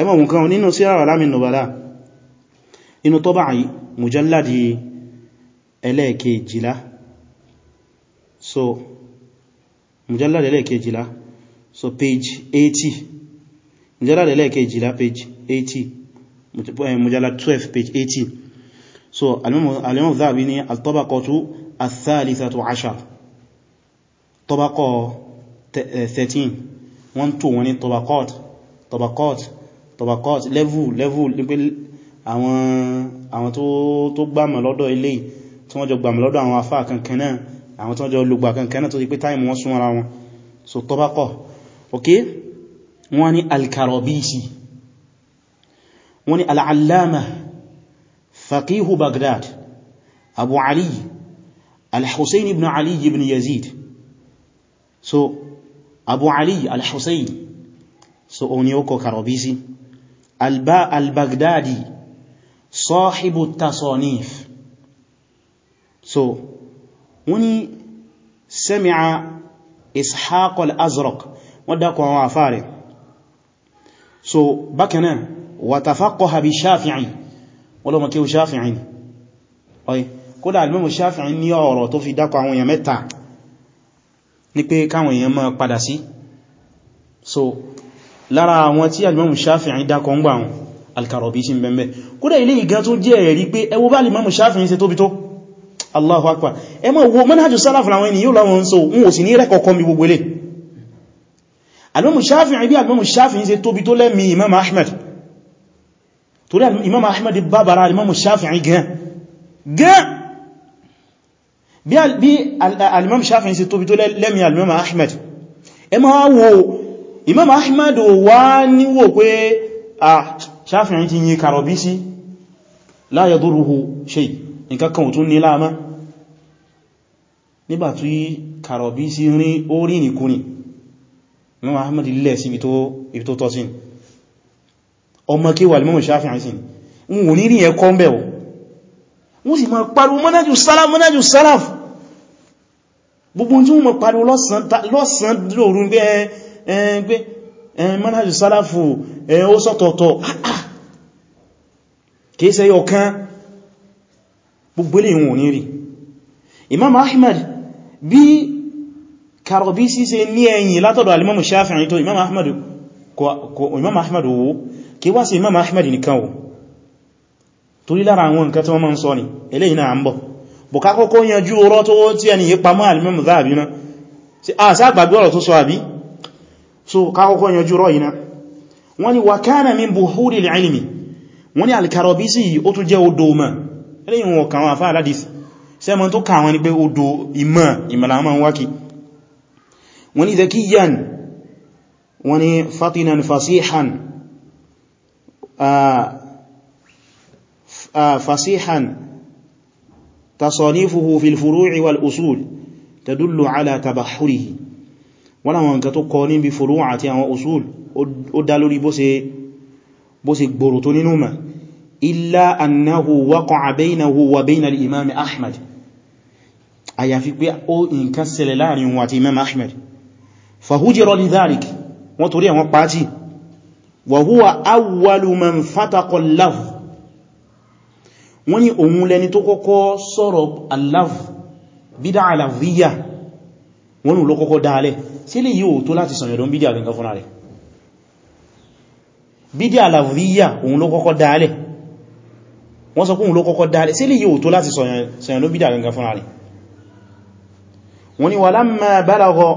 ẹmọ̀ nǹkan nínú sí àwọn alámin nubala inú tọ́bà yìí mujalladi ẹlẹ́ẹ̀kejìlá so mujalladi ẹlẹ́ẹ̀kejìlá so page 80 mujalladi ẹlẹ́ẹ̀kejìlá page 80 mujalladi 12 page 80 so alimamu zabi ni al-tabaqatu al-thalithatu ashar tabaqo 13 eh, wọ́n tó wọ́n ni tabaqat tọbakọ́t level level ní pé àwọn tó gbàmọ̀ lọ́dọ̀ ilé tí wọ́n jọ gbàmọ̀ lọ́dọ̀ àwọn afá kankan náà àwọn tí wọ́n jọ lùgbà kankan náà tó ti pé táìmù wọ́n sún ara wọn so tọbakọ́ ok wọ́n ni alkarobisi wọ́n ni al'allama faqihu baghdad abu ali al-hussein ibn ali ibn yazid so abu ali al-hussein so òun ni karobisi al-Baghdadi sọ́ọ̀hìbù tasonif so wọ́n ni sami'a ishaq al-azraq wọ́n dákọ̀ àwọn àfáàrẹ̀ so bákanáà watafaqqaha bi shafi'i wọ́lọ́mọ̀ kí o shafi'i ni ọ̀yẹ́ kódà alìmọ́mù shafi'i ní ọ̀rọ̀ tó fi dákọ̀ àwọn èèyàn mẹ́ta ní pé káwọn èèyàn máa padà sí so lára àwọn tí alimamu shafi'i dákọ̀ ń gbà wọn alkarobi sí bẹ̀m̀bẹ̀ kódà ilé ìgá tó jẹ́ ẹ̀rí pé ẹwọ bá alimamu shafi'i ṣe tóbi tó allahu akbar ẹ ma wo manhajjú sálàfà àwọn ènìyàn láwọn so n ò sì ní rẹ́kọ̀ọ́kọ́ mi gbogbo lè alimamu shafi'i bí alimamu shafi'i ṣe tóbi tó lẹ́mí imam ahmed torí imam ahmed bàbára alimamu shafi'i gan wo imam ahmad wá níwò pé à Shafi'i ti yí karobisi sí la yaduruhu shay nǹkankan ò tún ní láàmá nígbàtí karobisi sí ori ni kuni imam ahmad lẹ́ sí ibi tó tọ́ sí ọmọ kí wà imam Shafi'i sí n wò ní rí ẹ̀kọ́ mẹ́ o wọ́n sì máa pariwo manhaju salaf manhaju salaf gbogbo tí wọ́n máa pariwo lọ́sàn lóòrùn pé Eh, pé eh, manhajù sálàfù eh, ó sọ́tọ̀ọ̀tọ̀ ah, ah. kìí ṣe ọ̀kan gbogbo lè wọ̀n ní rí imam ahmad bí karobisi ṣe ní ẹ̀yìn látọ̀dọ̀ alimamu shafi'i tó imam ahmad kò imam ahmad wo kí wá sí imam ahmad nìkan wo torí lára àwọn nǹkan tí wọ́n máa ń sọ ni eléyìí náà ń bọ̀ bùkákọ́kọ́ yanjú ọ̀rọ̀ tó tí ẹni yí pamọ́ alimamu zahabi náà sí àṣà àgbàgbé ọ̀rọ̀ tó sọ àbí so kákọ́kọ́ yanjú rọ́ iná wọ́n ni wakana min buhuri ilmi wọ́n ni al-Karabisi ó tún jẹ́ odò ma ẹlẹ́yìn wọn kàwọn àfáà aládìsì sẹ́mọ̀ tó kàwọn ni pé odò ìmọ̀ ìmọ̀láàmà wákì wọ́n ni zakiyan wọ́n ni fatinan fasihan ah, ah, fasihan tasanifuhu wọ́n láwọn nǹkan tó kọ níbi furu' àti àwọn usul ó dá lórí bó ṣe gbòrò tó nínú ma illa annahu waqa'a baynahu wa bayna al-imam ahmad àyàfi pé ó nǹkan ṣẹlẹ̀ láàrin wọn àti imam ahmad fahujira li dhalik wọ́n torí àwọn pàtí wa sí lè yíò tó láti sọ̀yọ̀ lóun bídíà gangan fúnra rẹ̀ bídíà làwíyà òun ló kọ́kọ́ dálẹ̀ wọ́n sọ pé òun ló kọ́kọ́ dálẹ̀ sí lè yíò tó láti sọ̀yọ̀ lóun bídíà gangan fúnra rẹ̀ wọ́n ni wà lámà bálagọ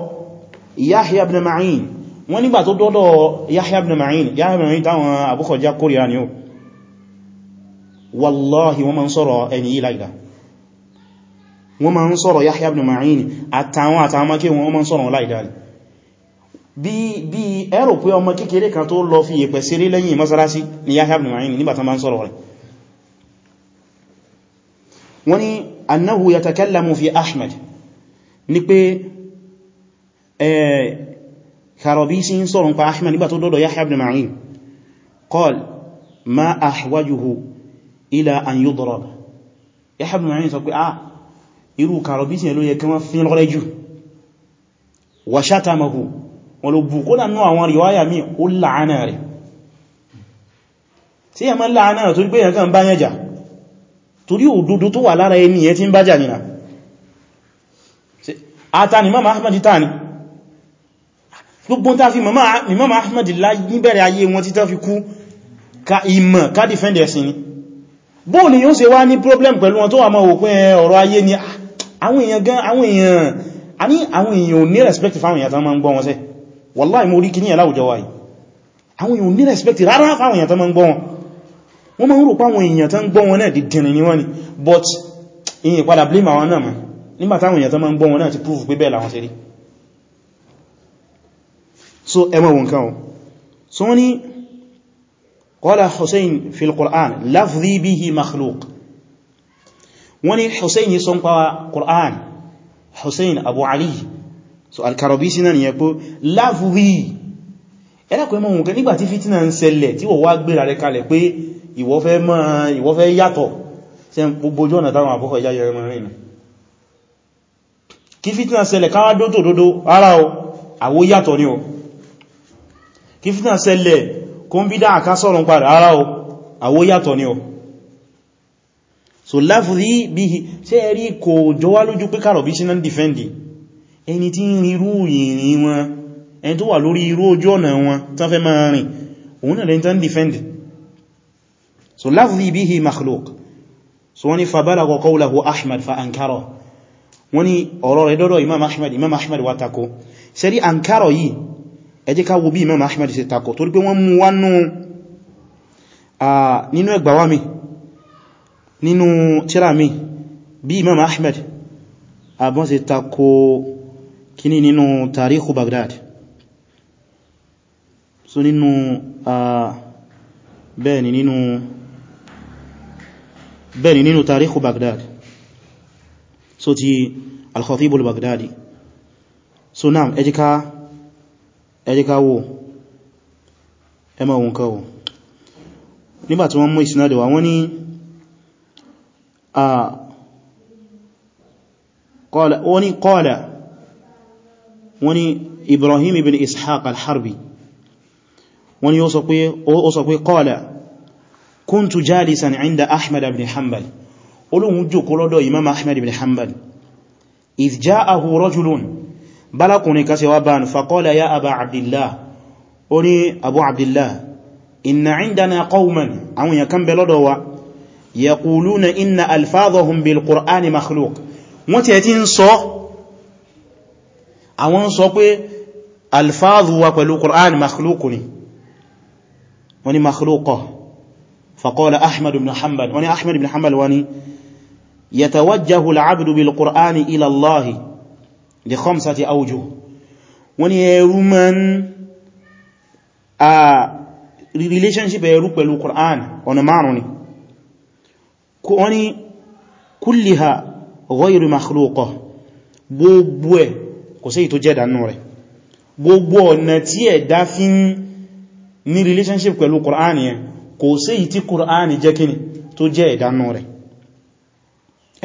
Yahya ibn Ma'in wọ́n nígbà tó dọ́dọ̀ Yahya ibn Ma'in Yahya ibn Ma'in táwọn àbúkọjá kórìíra ni ó wallahi wọ́n ma ń sọ̀rọ̀ ẹni yìí láìdá àtàwọn àtàwọn makẹ́ wọ́n ma ń sọ̀rọ̀ láìdá bí ẹ̀rọ pé ọmọ kékeré kan tó lọ fi ìpẹ̀ sí rí lẹ́yìn mọ́sálásí ni Yahya ibn Ma'in nígbàtán bá ń sọ̀rọ̀ rẹ̀ wọ́n ni annahu yatakallamu fi Ahmad ní pé Karabisi ń sọ̀rọ̀ pa Ahmad nígbà tó dọ́dọ̀ Yahya ibn Ma'in qal ma ahwajuhu wọn ló bú kódà náà àwọn ríwáyà míì ó láàánà rẹ̀ tí kan bá yẹn jà torí òdodo tó wà lára ẹni yẹn tí ń bá jà nìna àtàni mama ahmadi tàni gbogbo ta fi mama ahmadi níbẹ̀rẹ̀ ayé wọn títà fi kú ka ìmọ̀ ká dìfẹ́ndẹ̀ sí ni bóò ni yóò ṣe wá ní problem pẹ̀lú wọn tó wà mọ́ òpin eh, ọ̀rọ̀ ayé ni ah, àwọn èèyàn gan àwọn a ní àwọn èèyàn ò ní respect fáwọn èèyàn tán wallahi mo rí kí ní ẹ̀láwùjọ wáyìí àwọn èèyàn ní respect rárá fáwọn èèyàn tó máa ń gbọ́ wọn wọ́n máa ń rò páwọn èèyàn tó ń gbọ́ wọn náà dìdìnrin ni wọ́n ni but ìyìn padà blame àwọn náà mọ̀ nígbà táwọn èèyàn tó máa ń gbọ́ wọn náà ti prove pé bẹ́ẹ̀ làwọn ṣe rí so ẹmọ wọn kan o so wọ́n ni qala Hussein fil Qur'an lafzi bihi makhluq wọ́n ni Hussein sọ ń pa Qur'an Hussein Abu Ali so al-Karabisi náà nìyẹn pé láàfúrí ẹlẹ́kọ̀ọ́ ẹmọ òun nígbàtí fìtínà ń ṣẹlẹ̀ tí wọ́n wá gbéra rẹ kalẹ̀ pé ìwọ fẹ́ máa ìwọ fẹ́ yàtọ̀ ṣe gbogbo ojú ọ̀nà táwọn àkọ́kọ́ ìyá yẹrẹ mọ́rin kí fìtínà ṣẹlẹ̀ káwà dótò dódó ara o àwó yàtọ̀ ni o kí fìtínà ṣẹlẹ̀ kó ń bídá àkásọ̀rọ̀ padà ara o àwó ni o ẹni tí ń rí irú ìrìn wọn ẹni tó wà lórí irú ojú ọ̀nà wọn tán fẹ́ máa rìn òun náà lẹ́yìn tán defend so lafzi bihi makhluq so wani fabalagha qawlahu ahmad fa ankara wani ọ̀rọ̀ rẹ̀ dọ́dọ̀ imam ahmad imam ahmad wa tako sẹ́rí ankara yìí ẹ jẹ́ tako kíní nínú tàríkù Baghdad so nínú bẹ́ẹ̀ni nínú bẹ́ẹ̀ni nínú tàríkù Baghdad so ti al-Khatib al-Baghdadi so naam ẹjíká ẹjíká wo ẹmọ ohun kawo nígbàtí wọ́n mú ìsinádẹ̀wà wọ́n ni قال وني قال wọ́n ní ibrahim ibn ishaq al-harbi wọ́n ní ó sọ pé qala kuntu jalisan inda ahmad ibn hanbal olóhun jòkó lọ́dọ̀ imam ahmad ibn hanbal idh ja'ahu rajulun balakunrin kasi wa banu faqala ya aba abdillah ó ní abu abdillah inna indana qauman àwọn yakan bẹ lọ́dọ̀ wa yaquluna inna alfadhahum bil qur'ani àwọn sọ pé alfáàzù wa pẹ̀lú Qur'an makhlúkù ni wọ́n ni makhlúkọ̀ faqala Ahmad ibn Hanbal wọ́n ni Ahmad ibn Hanbal wọ́n ni yatawajjahu al-abdu bil Qur'an ila Allah li khamsati awjuh wọ́n ni ẹrú man a relationship ẹrú pẹ̀lú Qur'an ọ̀nà márùn ni wọ́n ni kulliha ghayru makhluqah gbogbo kò sí tó jẹ́ ìdánú rẹ̀ gbogbo ọ̀nà tí ẹ̀dá fi ń ní relationship pẹ̀lú Qur'an yẹn kò sí tí Qur'an jẹ́ kíni tó jẹ́ ìdánú rẹ̀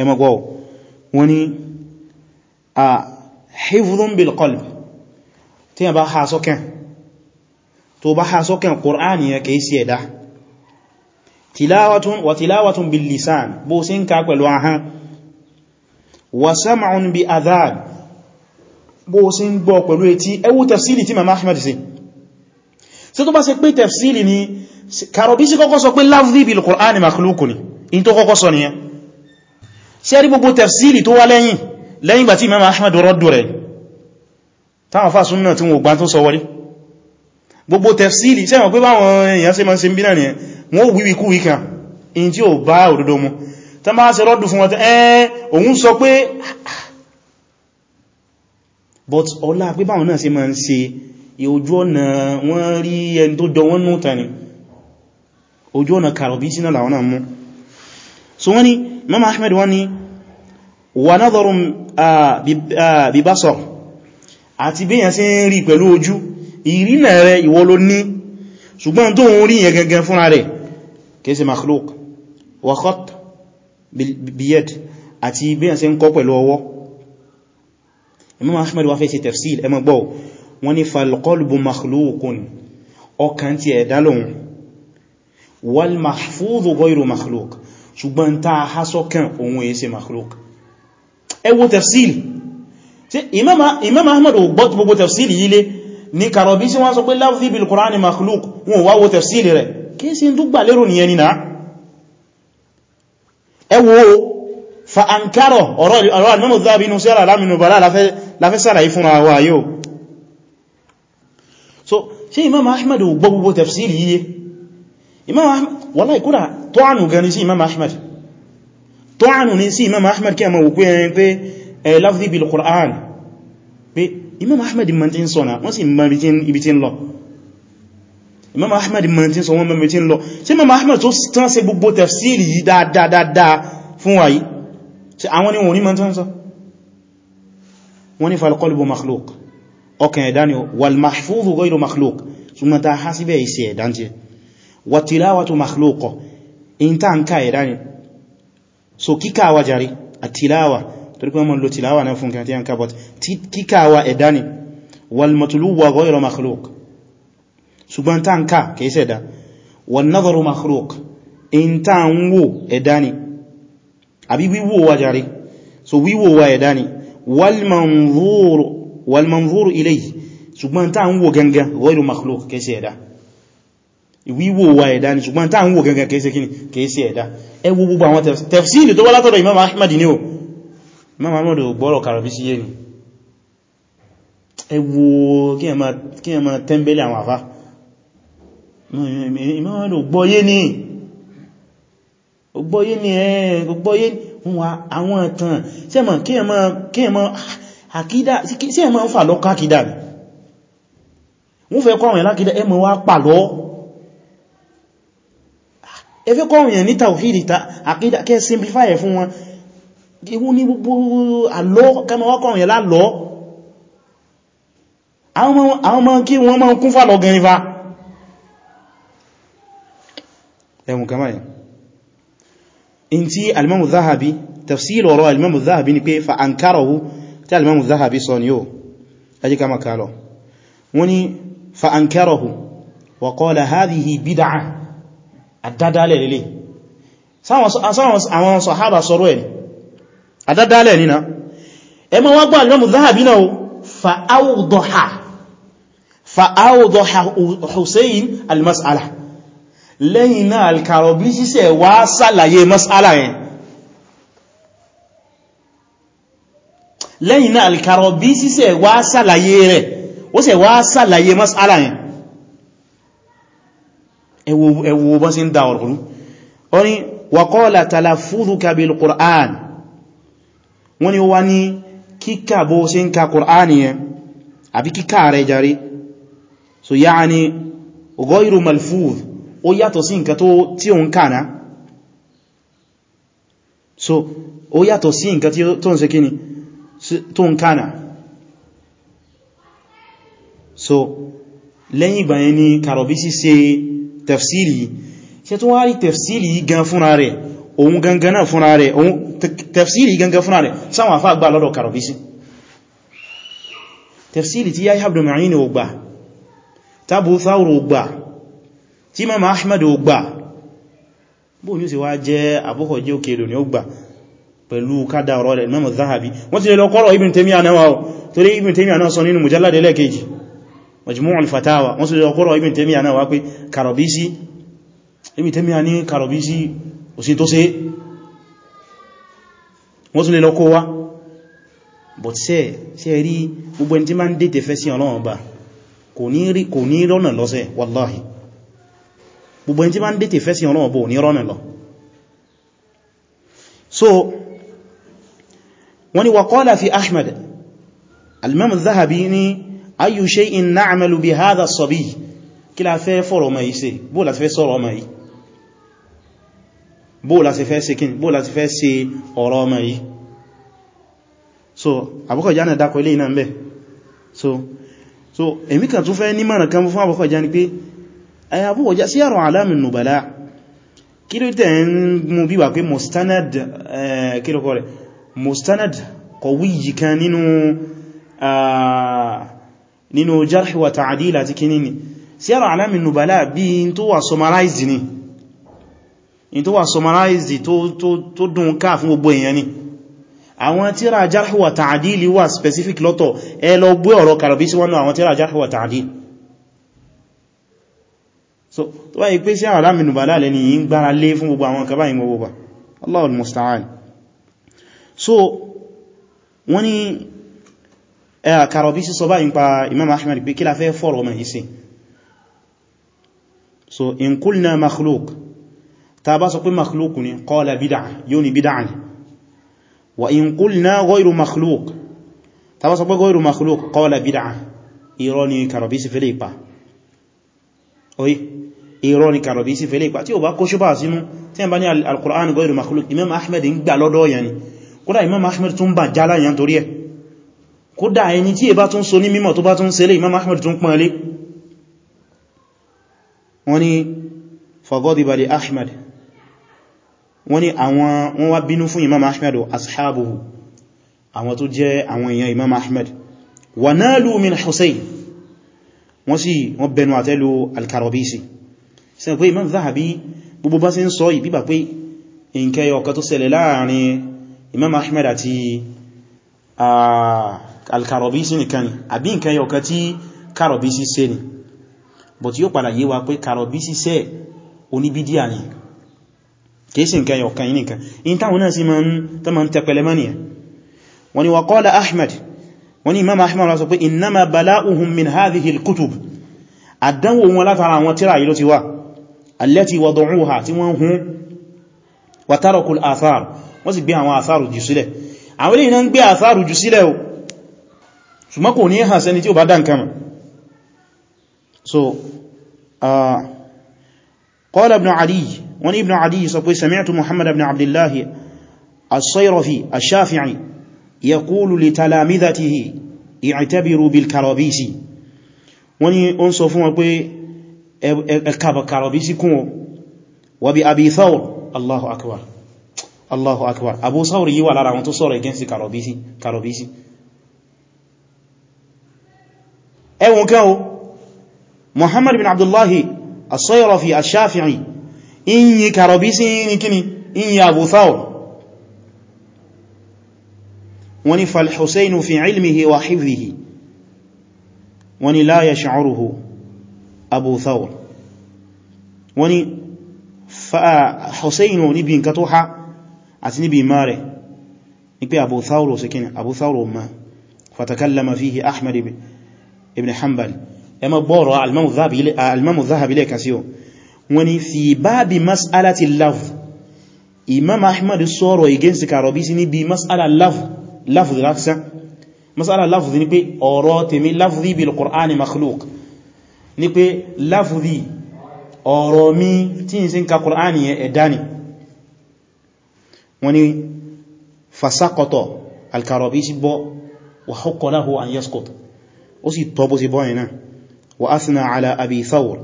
ẹmọ́gbọ́ wọ́n ni a hifdhun bil qalb tí a bá ha sọ́kàn tó bá ha sọ́kàn Qur'an yẹn kìí sí ẹ̀dá tilawatun bil lisan bó sí ka pẹ̀lú ahán wa sam'un bi adhan bó o sí ń gbọ́ pẹ̀lú etí ẹwú tẹ̀fsílì tí mama ahmed sí sí tó bá ṣe pé tẹ̀fsílì ni kàrọ̀bí sí kọ́kọ́ sọ pé lafzi bil Qur'ani makhluku ni in tó kọ́kọ́ sọ nìyẹn sí ẹrí gbogbo tẹ̀fsílì tó wá lẹ́yìn lẹ́yìn ìgbà tí mama ahmed rọ́dù rẹ̀ táwọn fà súnnà tí wọ́n gbá tó sọ wọlé gbogbo tẹ̀fsílì sí ẹ̀wọ̀n pé bá òdodo mu tán bá ṣe rọ́dù fún wọn ẹ́ òun sọ pé but ọlá pé báwọn náà ṣe máa ń ṣe ojú ọ̀nà wọ́n rí ẹni tó jọ wọ́n núta ni ojú ọ̀nà kàrọ̀bí sínà làwọn náà mú so wọ́n ni mama ahmed wọ́n ni wà nadharun bi basar àti bíyàn sí ń rí pẹ̀lú ojú ìrìnà rẹ ìwọ ló ní ṣùgbọ́n tó ń rí yẹn gangan makhluk wa khat biyad àti bíyàn sí ń kọ pẹ̀lú ọwọ́ imam ahmed wá fẹ́ ṣe tafsil ẹ má gbọ́ wọ́n ní falqalbu makhluqun ọkàn tí ẹ̀ dá lóhun wal mahfudhu ghayru makhluq ṣùgbọ́n tá a há sọ́kàn òun èé ṣe makhluq ẹ wo tafsil tí imam ahmed ò gbọ́ gbogbo tafsil yìí lé ní karọ̀bí sí wọ́n sọ pé lafzi bil qur'ani makhluq wọn wá wo tafsil rẹ̀ kí sí dúgbà lérò nìyẹn nìna ẹ wo fa ankara ọ̀rọ̀ al-imam adh-dhahabi inú sí ara aláminú bala aláfẹ́ láfẹ́ sàlàyé fúnra wa yóò so ṣe imam ahmad gbọ́ gbogbo tafsiri yíye imam ahmad wallahi kódà tọ́ánù gani sí imam ahmad tọ́ánù ní sí imam ahmad kí a ma wùkú ẹni pé lafzi bil qur'an pé imam ahmad man ti ń sọ náà wọ́n sì mọ̀ ibi tí ń lọ imam ahmad man ti ń sọ wọ́n mọ̀ ibi tí ń lọ ṣe imam ahmad tó tán ṣe gbogbo tafsiri yìí dáadáa fún wa ṣe àwọn ni wọ́n ní man tán sọ wọ́n ní falqalbu makhluk ọkàn ẹ̀dá ni walmahfúdhu ghayru makhluk ṣùgbọ́n ta ha síbẹ̀ ìsẹ̀ ẹ̀dá jẹ́ watilawatu makhluqa in ta n ká ẹ̀dá ni so kíkàwa jari àtiláwà torí pé mọ́n lo tiláwà náà fún kàtí yanka but kíkàwa ẹ̀dá ni walmatuluwa ghayru makhluk ṣùgbọ́n ta n ká kìí sẹ̀dá so wíwò ẹ̀dá ni walmanzuru ilayhi ṣùgbọ́n tá ń wò gangan ghayru makhluq kẹsí ẹ̀dá ìwíwò wa ẹ̀dá ni ṣùgbọ́n tá ń wò gangan kẹsí kíni kẹsí ẹ̀dá ẹ wo gbogbo àwọn tafsiri tó wá látọ̀dọ̀ imam ahmad ni o imam ahmad gbọ́rọ̀ karabi sí yẹni ẹ wo kí ẹ ma tẹ́mbẹ̀lẹ̀ àwọn àfá imam ahmad gbọ́yé ni fún wa àwọn kan sí ẹ̀mọ̀ kí ẹ̀mọ̀ ah, àkídà sí ẹ̀mọ̀ ń fà lọ́kọ́ àkídà rẹ̀ wọ́n fẹ́ kọ́ àwọn ìlàkídà ẹ̀mọ̀ wá pàlọ́ ah, ẹfẹ́ kọ́ àwọn èèyàn ní tàwíìdì àkídà kẹ́ simplify ẹ̀ fún wọn ewu ní gbogbo àlọ́ kẹ́mọ̀ wá kọ́ àwọn èèyàn lálọ́ àwọn ọmọ kí wọ́n máa kún fà lọ gẹ̀rin fa ẹ̀wùn kẹmọ̀ yìí in ti alimamu zahabi tafsir ọ̀rọ̀ alimamu zahabi ni pé fa an karahu tí alimamu zahabi sọ ni yóò ajé kama kalọ wani fa an karahu wa qala hadhihi bid'a àdádálẹ̀ lélẹ̀ àwọn sahaba sọ̀rọ̀ ẹ̀ àdádálẹ̀ nínà ẹ ma wá gbọ́ alimamu zahabi náà fa awdaha fa awdaha hussein al lẹ́yìn náà alkarobi sísẹ̀ wá sàlàyé masala yẹn lẹ́yìn náà alkarobi sísẹ̀ wá sàlàyé rẹ̀ ó sẹ̀ wá sàlàyé masala yẹn ẹwọ bá sí ń da ọ̀rọ̀ orí wàkọ́ọ̀lá talafúrúka bil Qur'an wọ́n ni wá ní kíkà bó sí ń ka Qur'an yẹn àbí kíkà rẹ̀ jari so ya'ani ghayru malfudh ó yàtọ̀ sí nǹkan tí ó ń kàná so ó yàtọ̀ sí nǹkan tó ń ṣe kíni tó ń kàná so lẹ́yìn ìgbà yẹn ni Karobisi ṣe tafsiri ṣe tó wá rí tafsiri gan fúnra rẹ̀ òun gangan náà fúnra rẹ̀ òun tafsiri gangan fúnra rẹ̀ sáwọn àfá àgbà lọ́dọ̀ Karobisi tafsiri tí Yahya ibn Ma'in ò gbà tábù Thawr gbà tí Imam Ahmad ogba gbà bó ní ó sì wá jẹ́ àbúkọ̀ jẹ́ òkèlò ní ó gbà pẹ̀lú kádà ọ̀rọ̀ rẹ̀ Imam Zahabi wọ́n ti lè lọ kọ́rọ̀ Ibn Taymiyyah náà wọ́n torí Ibn Taymiyyah náà sọ nínú mujallad ẹlẹ́kejì kò ní rọ́nà lọ́sẹ̀ gbogbo ẹni tí bá ń dé tèfẹ́ sí ọlọ́wọ́ bó ní rọ́nà lọ so wọ́n ni wa qala fi ahmad al-imam az-zahabi ni ayu shay'in na'malu bi hadha as-sabi kí la fẹ́ fọ́rọ̀ ọmọ yìí ṣe bó la fẹ́ sọ́rọ̀ ọmọ yìí bó la fẹ́ ṣe kín bó la fẹ́ ṣe ọ̀rọ̀ ọmọ yìí so àbúkọ̀ jáná dákọ̀ ilé iná ń so so èmi kan tún fẹ́ ní mọ̀ràn kan fún àbúkọ̀ jáná pé ẹ̀yà Abu Wajaa Siyaru A'lamin Nubala kí ló tẹ̀ ń mú bí wà pé mustanad kí ló kọ́ rẹ̀ mustanad qawiy kan nínú nínú jarh wa ta'dil àti kíní ni Siyaru A'lamin Nubala bí in tó wà summarized ni in tó wà summarized tó dùn ká fún gbogbo èèyàn ni àwọn tíra jarh wa ta'dil wà specific lọ́tọ̀ ẹ lọ gbé ọ̀rọ̀ karabi sí wọn àwọn tíra jarh wa ta'dil so tó bá yí pé sí àlámìnù bàlá lẹ́ni yí ń gbára lé fún gbogbo àwọn kaba yìí gbogbo Allahul musta'an so wọ́n ni Karabi sí sọ báyìí pa Imam Ahmad pé kí la fẹ́ fọ́rọ̀ ọmọ so in kulna makhluk ta bá sọ pé makhluk ni qala bid'a yóò ni bid'a ni wa in kulna ghayru makhluk ta bá sọ pé ghayru makhluk qala bid'a irọ́ ni Karabi sí fẹ́lẹ̀ ipa oyi irọ́ ni kàrọ̀dí sí fẹ́lẹ̀ ìgbà tí ó bá kó ṣúbà sínú tí a bá ní al-Qur'an ghayru makhluq Imam Ahmed ń gbà lọ́dọ̀ yẹn ni kódà Imam Ahmed tún bà jálá yẹn torí ẹ̀ kódà ẹni tí ẹ bá tún so ní mímọ̀ tó bá tún ṣẹlẹ̀ Imam Ahmed tún pọ̀n lé wọ́n ni faghadiba li Ahmed wọ́n ni àwọn wọ́n wá bínú fún Imam Ahmed ashabuhu àwọn tó jẹ́ àwọn èèyàn Imam Ahmed wa nalu min Hussein wọ́n sì wọ́n bẹnu àtẹ́lu al ṣe pé Imam Zahabi gbogbo bá sí ń sọ ìbíbà pé ǹkẹ́ ọ̀kan tó ṣẹlẹ̀ láàrin Imam Ahmad àti al-Karabisi nìkan ni àbí ǹkẹ́ ọ̀kan tí Karabisi ṣe ni bọ̀ tí ó padà yé wa pé Karabisi ṣe oníbídíà ni kìí ǹkẹ́ ọ̀kan nìkan in táwọn náà sí ma ń tẹpẹlẹ mọ́ nìyàn wọ́n ni wa qala Imam Ahmad sọ pé innama bala'uhum min hadhihi al-kutub àdánwò wọn látara àwọn tírà yìí ló ti wà allati wada'uha tí wọ́n hun wa taraku al-athar wọ́n sì gbé àwọn àtharù jù sílẹ̀ àwọn eléyìí náà ń gbé àtharù jù sílẹ̀ o ṣùgbọ́n kò ní hàn sẹ́ni tí ó bá dá nǹkan so uh, qala ibn ali wọ́n ibn ali sọ pé sami'tu muhammad ibn abdullah as-sayrafi ash-shafi'i yaqulu li talamidhatihi i'tabiru bil karabisi wọ́n ni ó ń sọ fún wọn pé ẹkàbàkàrọ̀ bí síkún wọn wà bí Abi Thawr Allahu akbar Allahu akbar Abu Thawr yíwà lára wọn tó sọ̀rọ̀ against Karobisi ẹwọ̀n kẹ́ o Muhammad bin Abdullahi as-Sayrafi ash-Shafi'i inyi Karobisi ní kíni inyi Abu Thawr wani fal Husainu wani la yash'uruhu abu thawr wọ́n ni hussein níbi nǹkan tó ha àti níbi ìmá rẹ̀ ní pé abu thawr ò síkín abu thawr ma fatakallama fihi ahmad ibn hanbal ya ma gbọ́rọ̀ almamu zahabi lè kasi o wọ́n ni fi bábi mas'alati laf imam ahmad sọ̀rọ̀ against karobi sí níbi mas'ala laf laf lafsa mas'ala laf ni pé ọ̀rọ̀ tèmi lafzi bil qur'ani makhluq ní pé láfúdí ọ̀rọ̀ mi tí ń sí ń ka Kùránì ẹ̀dá ni wọ́n ni fasakọtọ̀ alkarobi sí bọ́ wà hukọ lahu an yaskot ó sì tọ́ bó sí bọ́ ẹ̀nà wà athna ala abi thawr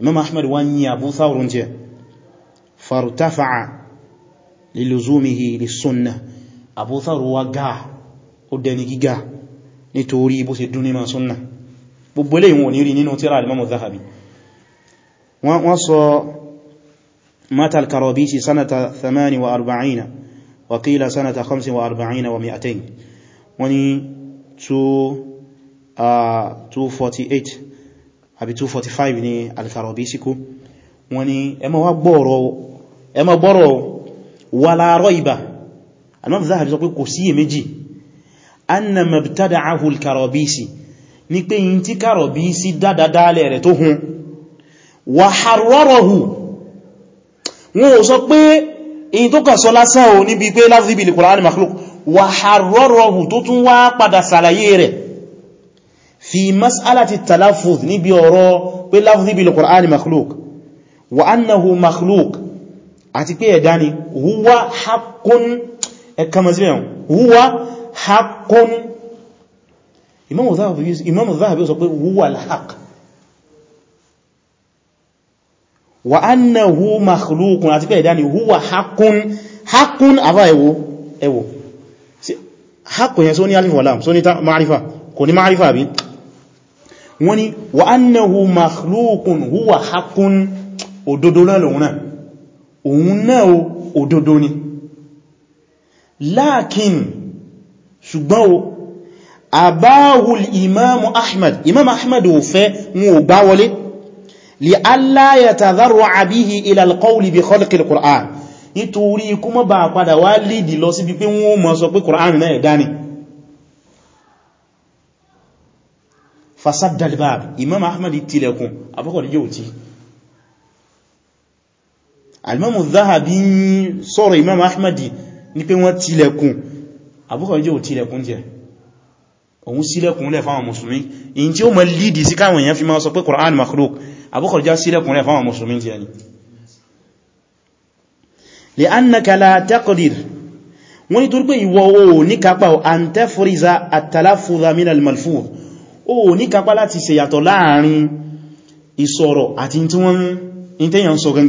imam ahmad wá ní abu thawr jẹ fartafa'a liluzumihi lissunna abu thawr wá ma sunna gbogbo ilé ìwọ̀n ní rí nínú tíra alimamu zahabi wọ́n sọ matal karobisi sanata 48 wa qila sanata 45 wa mi'atayn wọ́n ní 248 uh, àbí 245 ni al-karobisi kú wọ́n ní ẹmọ wá gbọ́rọ̀ wala rayba alimamu zahabi sọ pé kò síyèméjì anna mabtada'ahu al-karobisi ní pé yìí tí kàrọ̀ bí sí dáadáadáalẹ̀ rẹ̀ tó hun wà harọ́rọ̀hù wọn ò sọ pé èyí tó kàsọ lásán ò níbi pé láfíbí lè kùránì makhluk wà harọ́rọ̀hù tó tún wá padà sàlàyé rẹ̀ fi mas'alati talafuz níbi ọ̀rọ̀ pé láfíbí lè kùránì makhluk wà annahu makhluk àti pé ẹ̀dá huwa haqqun ẹ̀kàmọ̀ sílẹ̀ huwa haqqun Imam Dhahabi sọ pé huwa al-haq wa annahu makhluqun àti pé ìdáni huwa haqqun haqqun àbá ẹwọ ẹwọ haqqun yẹn só ní alif walam só ní ma'arifa kò ní ma'arifa bí wọ́n ni wa annahu makhluqun huwa haqqun òdodo lọ́lọ́un náà òun náà òdodo ni lákin ṣùgbọ́n àbáwul imamu ahmad imam ahmad ò fẹ́ wọn ò gbá wọlé li alla yatadarra bihi ila alqawli bi khalqi alquran nítorí ikú mọ́ bá padà wá lìdì lọ síbi pé wọ́n mọ́ sọ pé quran náà ẹ̀dá ni fasadda albab imam ahmad tilẹ̀kùn abúkọ̀ òun sílẹ̀kùnlẹ̀ fáwọn musulmi in tí ó mọ̀ lìdì sí káwọn èèyàn fi máa sọ pé Qur'an makhluk abúkọ̀rọ̀já sílẹ̀kùnlẹ̀ fáwọn musulmi ti ẹni li'annaka la taqdir wọ́n ni torípé ìwọ o ní kápá an tafriza at-talaffuz min o ní kápá láti ṣe yàtọ̀ láàrin ìsọ̀rọ̀ àti tí wọ́n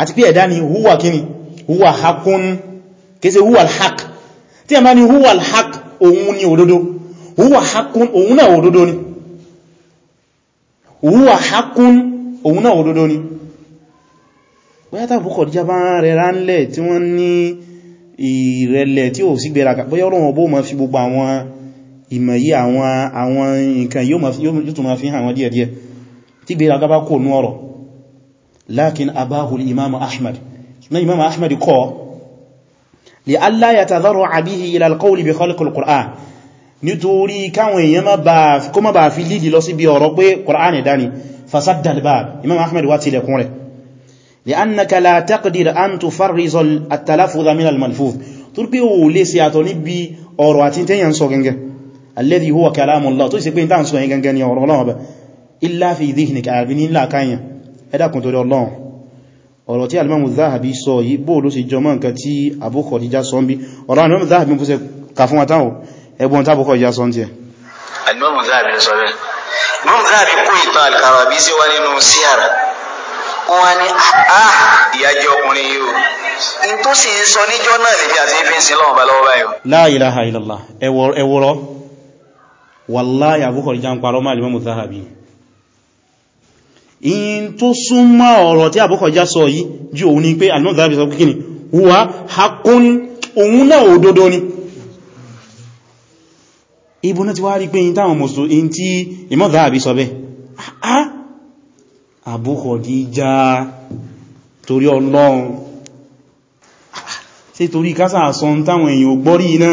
àti pé ẹ̀dá ni huwa kíni huwa hakun kése huwa alhaq tí a máa ni huwa alhaq òun ni òdodo huwa hakun òun náà òdodo ni huwa hakun òun náà òdodo ni bóyá tàbí kọ̀díjá bá rẹ̀ ránlẹ̀ tí wọ́n ní ìrẹ̀lẹ̀ tí ó sì gbẹ̀rà bóyá ọlọ́wọ́ bó ma fi gbogbo àwọn ìmọ̀ yí àwọn nǹkan yóò tún ma fi hàn lakin abahu imam ahmad na imam ahmad kọ̀ li alla yatadarra bihi ila alqawl bi khalq alquran nítorí káwọn èèyàn kó má bá fi lídì lọ sí bí ọ̀rọ̀ pé Kùránì dání fasadda albab imam ahmad wá tilẹ̀kùn rẹ̀ li'annaka la taqdir an tufarriz at-talaffuz min al-malfuz turbi ó lè ṣe ato ní bí ọ̀rọ̀ teyan sọ gangan alladhi huwa kalamullah tó ṣe pé ntan sọ yẹn gangan ni ọ̀rọ̀ Ọlọ́run ba illa fi dhihnika abinin la kanya ẹ̀dàkùn torí ọlọ́run ọ̀rọ̀ tí alimamu zahabi sọ yìí bóò ló sì jọ mọ́ nǹkan tí Abu Khadija sọ ń bí ọ̀rọ̀ alimamu zahabi ń fúnṣẹ́ ka fún wátán ẹgbọ́n tí Abu Khadija sọ ń tiẹ̀ alimamu zahabi sọ bẹ́ẹ̀ alimamu zahabi kó ìtàn al-Karabi sí wá nínú síyàrá wọn ni ah, ah ìyájẹ́ ọkùnrin yìí o in tó sì ń sọ níjọ́ náà lè bí àti ibi ìsin lọ́wọ́ bá lọ́wọ́ báyìí la ilaha illallah ẹwọ́rọ́ wallahi Abu in tó súnmọ́ ọ̀rọ̀ tí àbúkọjá sọ yìí ju òun ni pé al-Mundhari sọ kíkíni huwa hakun òun náà òdodo ni ibo náà ti wá rí pé in táwọn mọ̀sùn in tí Imam-Dhahabi sọ bẹ́ àbúkọjá ah, ah. torí ọlọ́run ah, ṣe torí kásà sọ táwọn èèyàn gbọ́rí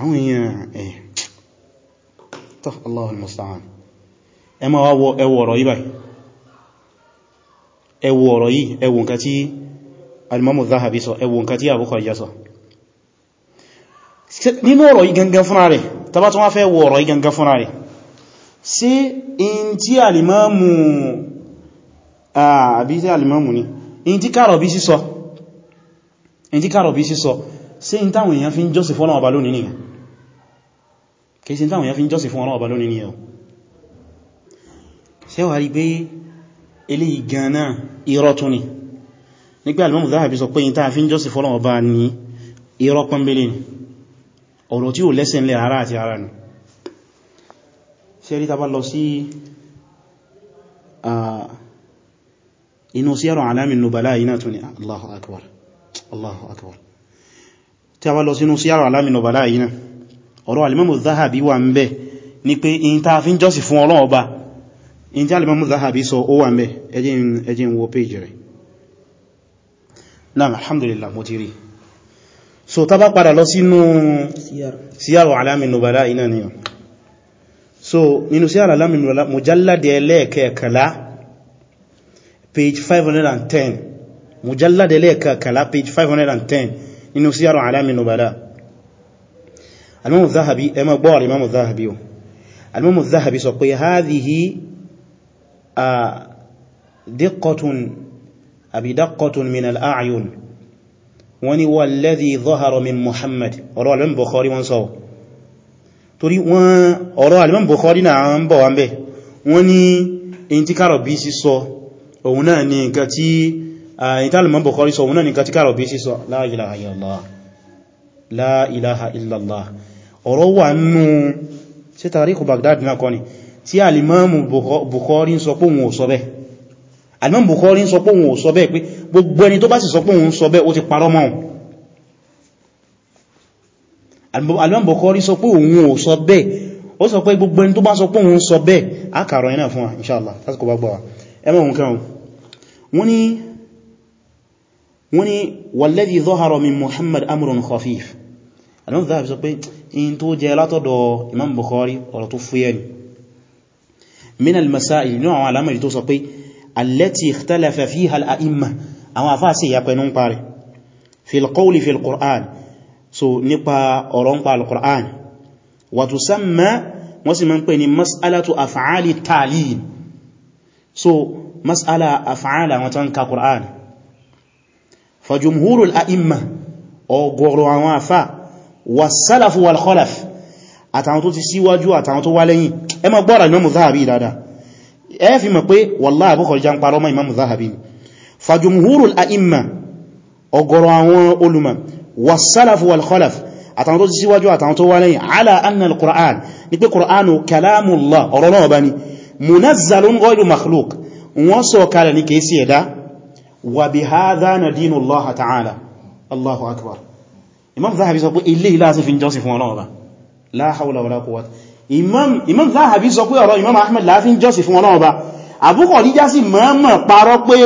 àwọn èèyàn ẹ̀ eh, tọ́ Allahul musta'an ẹ ma wá ẹwọ ọ̀rọ̀ yìí báyìí ẹwọ ọ̀rọ̀ yìí ẹwọ nǹkan tí alimamu zahabi sọ ẹwọ nǹkan tí Abu Khadija sọ nínú ọ̀rọ̀ yìí gangan fúnra rẹ̀ tàbá tó wá fẹ́ wọ ọ̀rọ̀ yìí gangan fúnra rẹ̀ sí in tí alimamu àbí tí alimamu ni in tí kárọ̀bí sísọ in tí kárọ̀bí sísọ sí in táwọn èèyàn fi ń jọ́sìn fọ́nà ọba lónìí nìyàn kìí sí táwọn ya fi ń jọ́sìn fún ọlọ́ọ̀bá lónìí ni ẹ̀ ṣe wà rí pé ilé ìgànnà irọ́ tún ni nígbà Al-Imam Dhahabi sọ pé ìta fi ń jọ́sìn fún ọlọ́ọ̀bá ní irọ́ pọ́nbélé ni ọ̀rọ̀ tí ó lẹ́sẹ̀ ńlẹ̀ ara àti ara ni ṣe rí ta bá lọ ọ̀rọ̀ alimamu zahabi wà ń bẹ ní pé in ta fi ń jọ́sì fún Ọlọ́run Ọba in tí alimamu zahabi sọ ó wà ń bẹ ẹjẹ́ ń wo page rẹ̀ náà alhamdulillah mo ti rí so ta bá padà lọ sínú síyàrò alamin nubala iná ni so nínú síyàrò alamin nubala mujallade ẹlẹ́ẹ̀kẹ́ẹ̀kẹ́lá page 510 mujallade ẹlẹ́ẹ̀kẹ́ẹ̀kẹ́lá page 510 nínú síyàrò alamin nubala alimamu zahabi ẹ ma gbọ́ alimamu zahabi o alimamu zahabi sọ pé hadhihi a diqqatun abi daqqatun min al'ayun wani walladhi zahara min muhammad ọ̀rọ̀ alimamu bukhari wọ́n sọ torí wọ́n ọ̀rọ̀ alimamu bukhari náà ń bọ̀ wọ́n bẹ̀ wọ́n ni in ti kárọ̀ bí sí sọ òun náà ni nǹkan tí ìtàlùmọ́ bukhari sọ òun náà ni nǹkan tí kárọ̀ bí sí sọ la ilaha illallah la ilaha illallah ọ̀rọ̀ wà nínú ṣe tàríkù Baghdad náà kọ́ ni tí alimamu Bukhari sọ pé òun ò sọ bẹ́ẹ̀ alimamu Bukhari sọ pé òun ò sọ bẹ́ẹ̀ pé gbogbo ẹni tó bá sì sọ pé òun sọ bẹ́ẹ̀ ó ti parọ́ mọ́ alimamu Bukhari sọ pé òun ò sọ bẹ́ẹ̀ ó sọ pé gbogbo ẹni tó bá sọ pé òun sọ bẹ́ẹ̀ á wọ́n ni wọ́n ni walladhi dhahara Muhammad amrun khafif alimamu Dhahabi sọ pé in tó jẹ látọ̀dọ̀ Imam Bukhari ọ̀rọ̀ tó fúyẹ́ ni min al-masail ní àwọn alamari tó sọ pé allati ikhtalafa fiha al-a'imma àwọn afá sí ìyapẹ̀ ní ń parí fil qawli fil Qur'an so nípa ọ̀rọ̀ ń pa al-Qur'an wa tusamma wọ́n sì máa ń mas'alatu af'ali ta'lil so mas'ala af'ala wọn tán ka Qur'an fa jumhurul a'imma ọ̀gọ̀rọ̀ àwọn afá wàsálàfù wàlkọ́làf àtàwọn tó ti síwájú àtàwọn tó wá lẹ́yìn ẹ ma gbọ́ra Imamu Zahabi dáadáa ẹ fi mọ̀ pé wallahi Abu Khadija ń parọ́ mọ́ Imamu Zahabi fàjùmhúrùl àìmà ọ̀gọ̀rọ̀ àwọn olùmọ̀ wàsálàfù wàlkọ́làf àtàwọn tó ti síwájú imam zahabi sọ pé ilé ilá sí fi ń jọ́sìn fún ọlọ́ọ̀bá la hawla wala quwwata imam imam zahabi sọ pé ọ̀rọ̀ imam ahmed la fi ń jọ́sìn fún ọlọ́ọ̀bá Abu Khadija sí mọ́mọ̀ parọ́ pé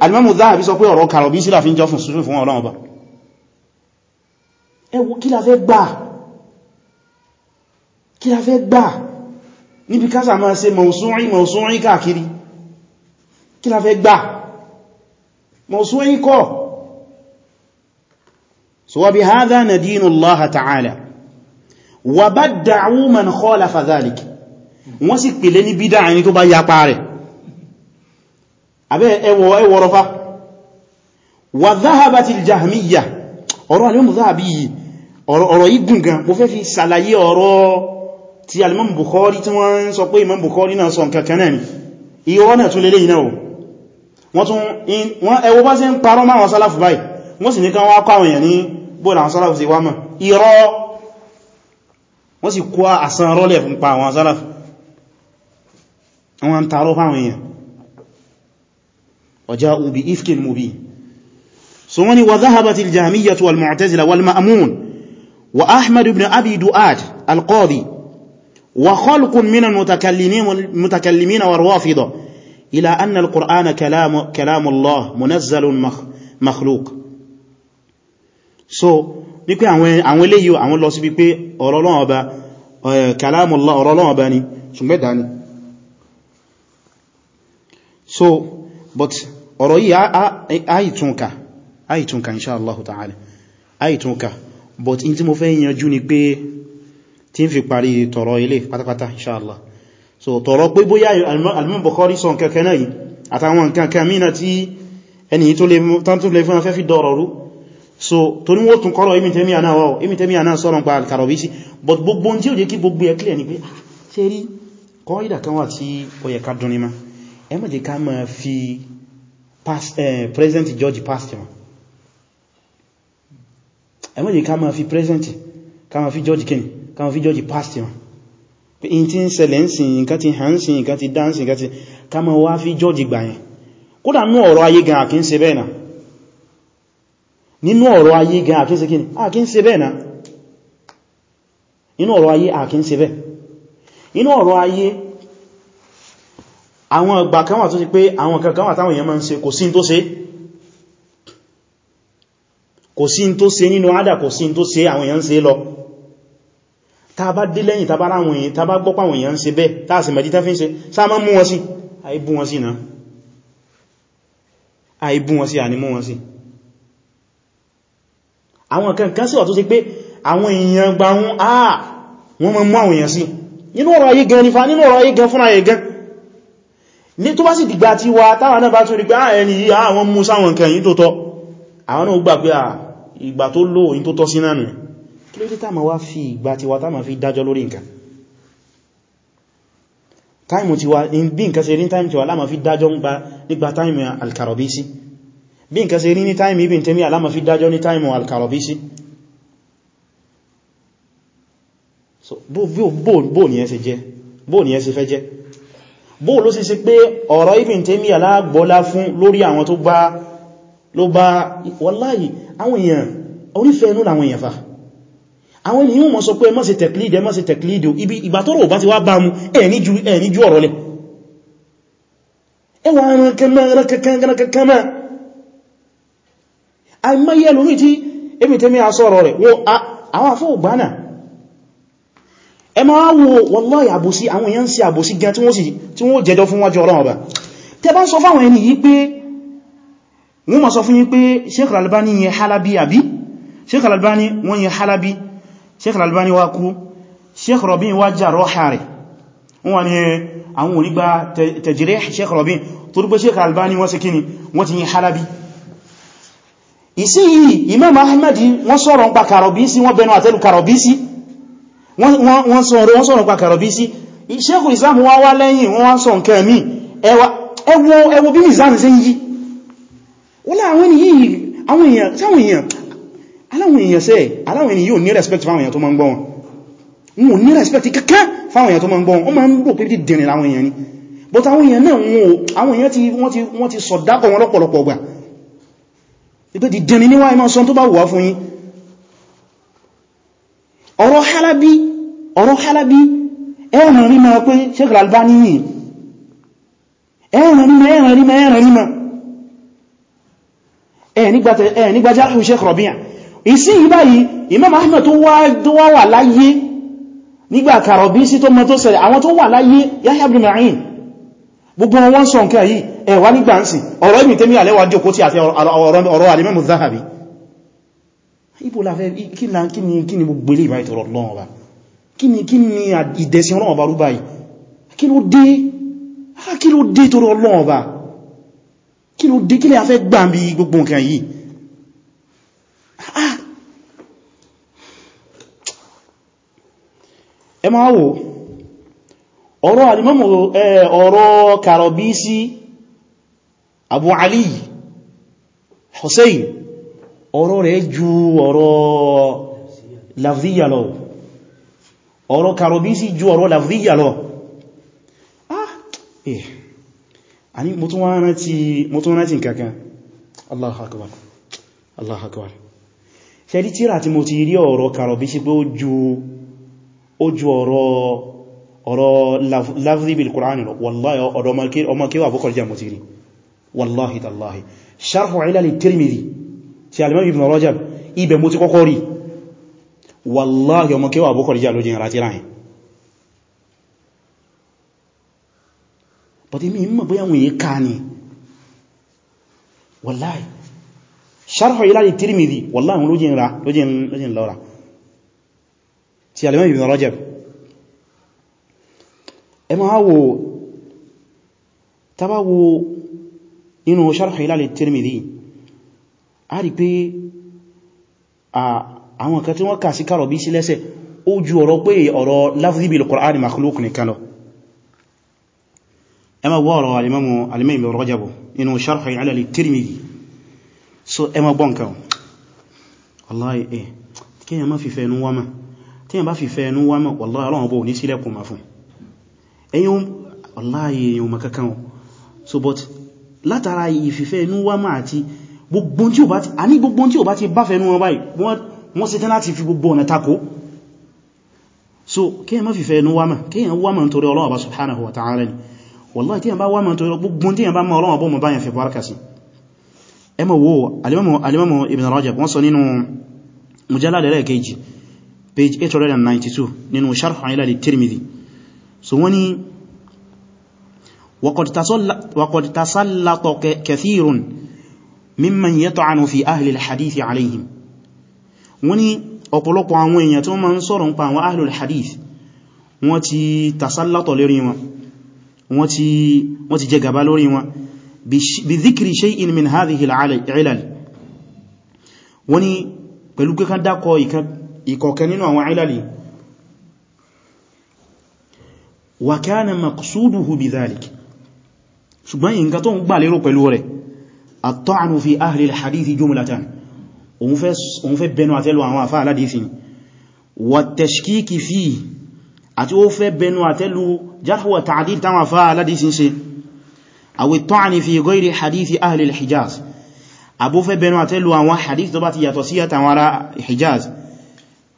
alimamu zahabi sọ pé ọ̀rọ̀ karobi sí la fi ń jọ́sìn fún ọlọ́ọ̀bá ẹ wo kí la fẹ́ gbà kí la fẹ́ gbà níbi kásà máa ṣe mọ̀súnrí mọ̀súnrí káàkiri kí la fẹ́ gbà mọ̀súnrí kọ́ so wa bihadha nadinu Allah ta'ala wa badda'u man khalafa dhalik wọ́n sì pèlé ní bídá ẹni tó bá yapa rẹ̀ abẹ́ ẹwọ ẹwọrọfá wa dhahabatil jahmiyya ọ̀rọ̀ alimamu zahabi yìí ọ̀rọ̀ yìí gùn gan mo fẹ́ fi ṣàlàyé ọ̀rọ̀ ti alimamu bukhari tí wọ́n sọ pé imam bukhari náà sọ nǹkan kan náà ni ìrọ́ náà tún lélẹ́yìn náà wọ́n tún ẹwọ bá sí ń parọ́ máwọn sálàfù báyìí wọ́n sì ní kán wá kọ́ àwọn èèyàn ní bóòlù àwọn sálàfù sí wá mọ̀ irọ́ wọ́n sì kó àsán rọ́lẹ̀ fún pa àwọn sálàfù wọ́n tààrọ fáwọn èèyàn ọjá ubi ifkin mubi so wani wa zahabati aljahmiyyatu wal mu'tazila wal ma'mun wa ahmad ibn abi du'ad al-qadi wa khalqun min al-mutakallimin mutakallimin wa rawafida ila anna al-qur'ana kalam kalam Allah munazzalun makhluq so ní pé àwọn eléyìí àwọn lọ sí wípé ọ̀rọ̀ Ọlọ́run ọba kalamullah ọ̀rọ̀ Ọlọ́run ọba ni so but ọ̀rọ̀ yìí áìtúnkà áìtúnkà insha Allah ta'ala áìtúnkà but in tí mo fẹ́ yanjú ni pé tí ń fi parí tọ̀rọ̀ ilé pátápátá insha Allah so tọ̀rọ̀ pé bóyá al-Imam Bukhari sọ nǹkan kan náà yìí àtàwọn nǹkan kan mìíràn tí ẹni tó lè fún afẹ́fí dọ̀rọ̀ so torí wọ́n tún kọ́rọ̀ imi tẹ́mí àná wọ́wọ́ imi tẹ́mí àná sọ́rọ̀ pa al-Karabisi but gbogbo tí ó jẹ́ kí gbogbo ẹ̀ clear ni pé ah, ṣe rí kọ́ ìdà kan wà tí ó yẹ ká dún ní ma ẹ má jẹ́ ká má fi eh, present George pastor ma ẹ má jẹ́ ká má fi present ká má fi George kini ká má fi George pastor ma pé in ti ń ṣẹlẹ̀ ń sin nǹkan ti hàn sin nǹkan ti dánsìn nǹkan ti ká má wá fi George gbà yẹn kódà nú ọ̀rọ̀ ayé gan àkíńṣe bẹ́ẹ̀ náà nínú ọ̀rọ̀ ayé gan àkíńsẹ kí ni àkíńsẹ bẹ́ẹ̀ náà nínú ọ̀rọ̀ ayé àkíńsẹ bẹ́ẹ̀ nínú ọ̀rọ̀ ayé àwọn ọgbà kan wà tó ti pé àwọn kankan wà táwọn èèyàn máa ń ṣe kò sí tó ṣe kò sí tó ṣe nínú ádà kò sí tó ṣe àwọn èèyàn ṣe lọ tá bá dé lẹ́yìn tá bá ráwọn èèyàn tá bá gbọ́pọ̀ àwọn èèyàn ṣe bẹ́ẹ̀ tá sì mẹ́jítá fi ń ṣe sáà máa mú wọn sí àìbú wọn sí náà àìbú wọn sí àwọn kankan sí wà tó ṣe pé àwọn èèyàn gba wọn àà ah, wọ́n mọ́ mú àwọn èèyàn sí nínú ọ̀rọ̀ ayé gan nífà nínú ọ̀rọ̀ ayé gan fúnra ayé gan ní tó bá sì dìgbà tí wa táwọn náà bá tún rí pé àà ah, ẹni yìí àwọn ah, mú sáwọn nǹkan yìí tó tọ́ àwọn náà gbà pé ìgbà tó lò yìí tó tọ́ sí náà nù kí ló dé táàmà wá fi ìgbà tiwa táàmà fi dájọ́ lórí nǹkan táìmù tiwa bí nǹkan ṣe rí táìmù tiwa láàmà fi dájọ́ nípa táìmù al bí nǹkan ṣe rí ní táìmù Ibn Taymiyyah alama fi dájọ́ ní táìmù al-Karabisi so bó ní ẹsẹ jẹ́ bó ní ẹsẹ fẹ́ jẹ́ bó ló sì sí pé ọ̀rọ̀ Ibn Taymiyyah alágbọ́lá fún lórí àwọn tó bá ló bá wọláyì àwọn èèyàn orífẹ́ inú làwọn èèyàn fa àwọn èèyàn yíò mọ́ sọ ibi ìgbà tọ́rọ̀ bá ti ẹ̀ ní ju ọ̀rọ̀ lẹ ẹwà ẹran kankan kankan àìmọ́yẹ ẹlòmí tí ebi tẹ́mí asọ́rọ̀ rẹ̀ wọ́n ah, àwọn afọ́ ògbánà ẹ máa wo wallahi àbòsí àwọn èèyàn sí àbòsí gan tí wọ́n jẹjọ fún wájú ọlọ́run ọba tẹ bá sọ fáwọn ẹni yìí pé wọ́n ma sọ fún yín pé Sheikh Al-Albani yẹn halabi àbí Sheikh Al-Albani wọ́n yẹn halabi eh, ti yẹn halabi ìsí yìí Imam Ahmad wọ́n sọ̀rọ̀ ń pa kàrọ̀bísí wọ́n bẹnu àtẹ́lù kàrọ̀bísí wọ́n sọ̀rọ̀ ń pa kàrọ̀bísí Sheikhul Islam wọ́n wá lẹ́yìn wọ́n wá sọ nǹkan mí ẹwọ bí nìzán sí yí wọ́n láwọn yìí àwọn èèyàn táwọn èèyàn aláwọn èèyàn sẹ́ aláwọn èèyàn yóò ní respect fáwọn èèyàn tó máa ń gbọ́ wọn wọn ò ní respect kankan fáwọn èèyàn tó máa ń gbọ́ wọn wọ́n máa ń rò pé bí dìrìn láwọn èèyàn ni but àwọn èèyàn náà wọ́n ti sọ̀dákọ̀ wọn lọ́pọ̀lọpọ̀ gbà ìpé dìdẹni níwá ìmọ̀ sọ tó bá wà fún yín ọ̀rọ̀ Halabi ọ̀rọ̀ Halabi ẹ̀rùn rí ma pé Sheikh Al-Albani ẹ̀rùn rí ma ẹ̀rùn rí ma ẹ̀rùn rí ma ẹ̀ nígbàjá ìhùn Sheikh Rabi' ìsí ìbáyìí Imam Ahmad tó wà láyé nígbà kàrọ̀bí sí tó mọ́ tó sẹ̀rẹ̀ àwọn tó wà láyé Yahya ibn gbogbo wọn sọ nkẹ́ yìí ẹ̀wà nígbà ń sì ọ̀rọ̀ ìmì tẹ́mí àlẹ́wà jòkó tí àti ọ̀rọ̀ alìmẹ́mù záhàbí ibò láfẹ́ kí ni gbogbo ilé ìbáyìí tọrọ lọ́wọ́ bá kí ni ìdẹ̀sìn ọlọ́wọ́ bá rúbá yìí kí ló dé ah, kí ló dé tọrọ lọ́wọ́ bá kí ló dé kí lè afẹ́ ọ̀rọ̀ alìmọ́mù ọ̀rọ̀ karobisi abu ali hussein ọ̀rọ̀ rẹ̀ ju ọ̀rọ̀ lafziya lọ ọ̀rọ̀ karobisi ju ọ̀rọ̀ lafziya lọ ah eh ani mo tún rántí nǹkankan allahu akbar allahu akbar ṣe rí tíra tí mo ti rí ọ̀rọ̀ karobisi pé ó ju ọ̀rọ̀ ọ̀rọ̀ lafzi bil Qur'an lọ wallahi ọ̀dọ̀ ọmọ kéwà Abubakar jẹ́ mọ̀tí rí wallahi tallahi sharhu ilal Tirmidhi ti alimam ibn Rajab ibẹ̀ mo ti kọ́kọ́ rí wallahi ọmọ kéwà Abubakar jẹ́ lójìn ara ti ráyìn but imi mọ̀ bóyá wọ́n yí ká ní wallahi sharhu ilal Tirmidhi wallahi lójìn lọ́ra ti alimam ibn Rajab ẹ máa wò tàbá wo inú sharh Hilal at-Tirmidhi a rí pé àwọn kan tí wọ́n kà sí kàrọ̀ bí sí lẹ́sẹ̀ ó ju ọ̀rọ̀ pé ọ̀rọ̀ lafzi bil Qur'ani makhluq nìkan lọ ẹ máa wò ọ̀rọ̀ alimamu alimamu ibn Rajab inú sharh Hilal at-Tirmidhi so ẹ máa ẹ̀yìn ọláyé èyàn mọ̀ wọn so but látara ìfìfẹ́ inú wá máa ti gbogbo tí ó bá ti a ní gbogbo tí ó bá ti bá fẹ́ inú wọn báyìí wọ́n ṣetán láti fi gbogbo ọ̀nà tako so kíyàn má fìfẹ́ inú wá máa kíyàn wá máa nítorí Ọlọ́run bá subhanahu wa ta'ala ni wallahi tíyàn bá wá máa nítorí gbogbo tíyàn bá máa Ọlọ́run bó mọ̀ báyàn fi baraka sí ẹ mọ̀ wo alimamu Ibn Rajab wọ́n sọ nínú mujallad ẹlẹ́ẹ̀kejì page 892 nínú sharh ila li so wọ́n ni وقد تسلط كثير ممن يطعن في أهل الحديث عليهم wọ́n ni ọ̀pọ̀lọpọ̀ àwọn èèyàn tó ma ń sọ̀rọ̀ ń pa àwọn ahlul hadith wọ́n ti tasallatọ̀ lórí wọn wọ́n ti jẹ gaba lórí wọn bí zikiri shay'in min hadhihi al-ilal wọ́n ni pẹ̀lú kíkán dákọ̀ ìkọ̀kan nínú àwọn ilali wa kana maqsuduhu bidhalik ṣùgbọ́n nǹkan tó ń gbà lérò pẹ̀lú rẹ̀ fi ahli al-hadith jumlatan òun fẹ́ bẹnu àtẹ́lù àwọn àfáà aládìífin wa tashkiki fi àti ó fẹ́ bẹnu àtẹ́lù jarh wa fẹ́ bẹnu àtẹ́lù àwọn hadith tó bá ti yàtọ̀ sí àtàwọn ará hijaz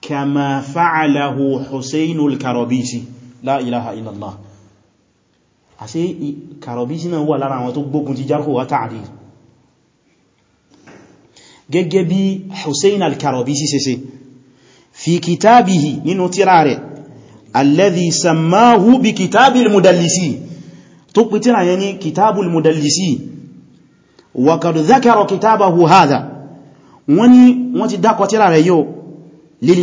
kama fa'alahu husaynul karabisi la ilaha illallah àṣé Karobisi náà wà lára àwọn tó gbógun ti jarhu wa ta'dil gẹ́gẹ́ bí Hussein al-Karobisi sese fi kitabihi nínú tírà rẹ̀ alladhi sammahu bi kitabil mudallisi tó pè tírà yẹn ní kitabul mudallisi wa qad dhakara kitabahu hadha wọ́n ní wọ́n ti dákọ̀ tírà rẹ̀ yóò lil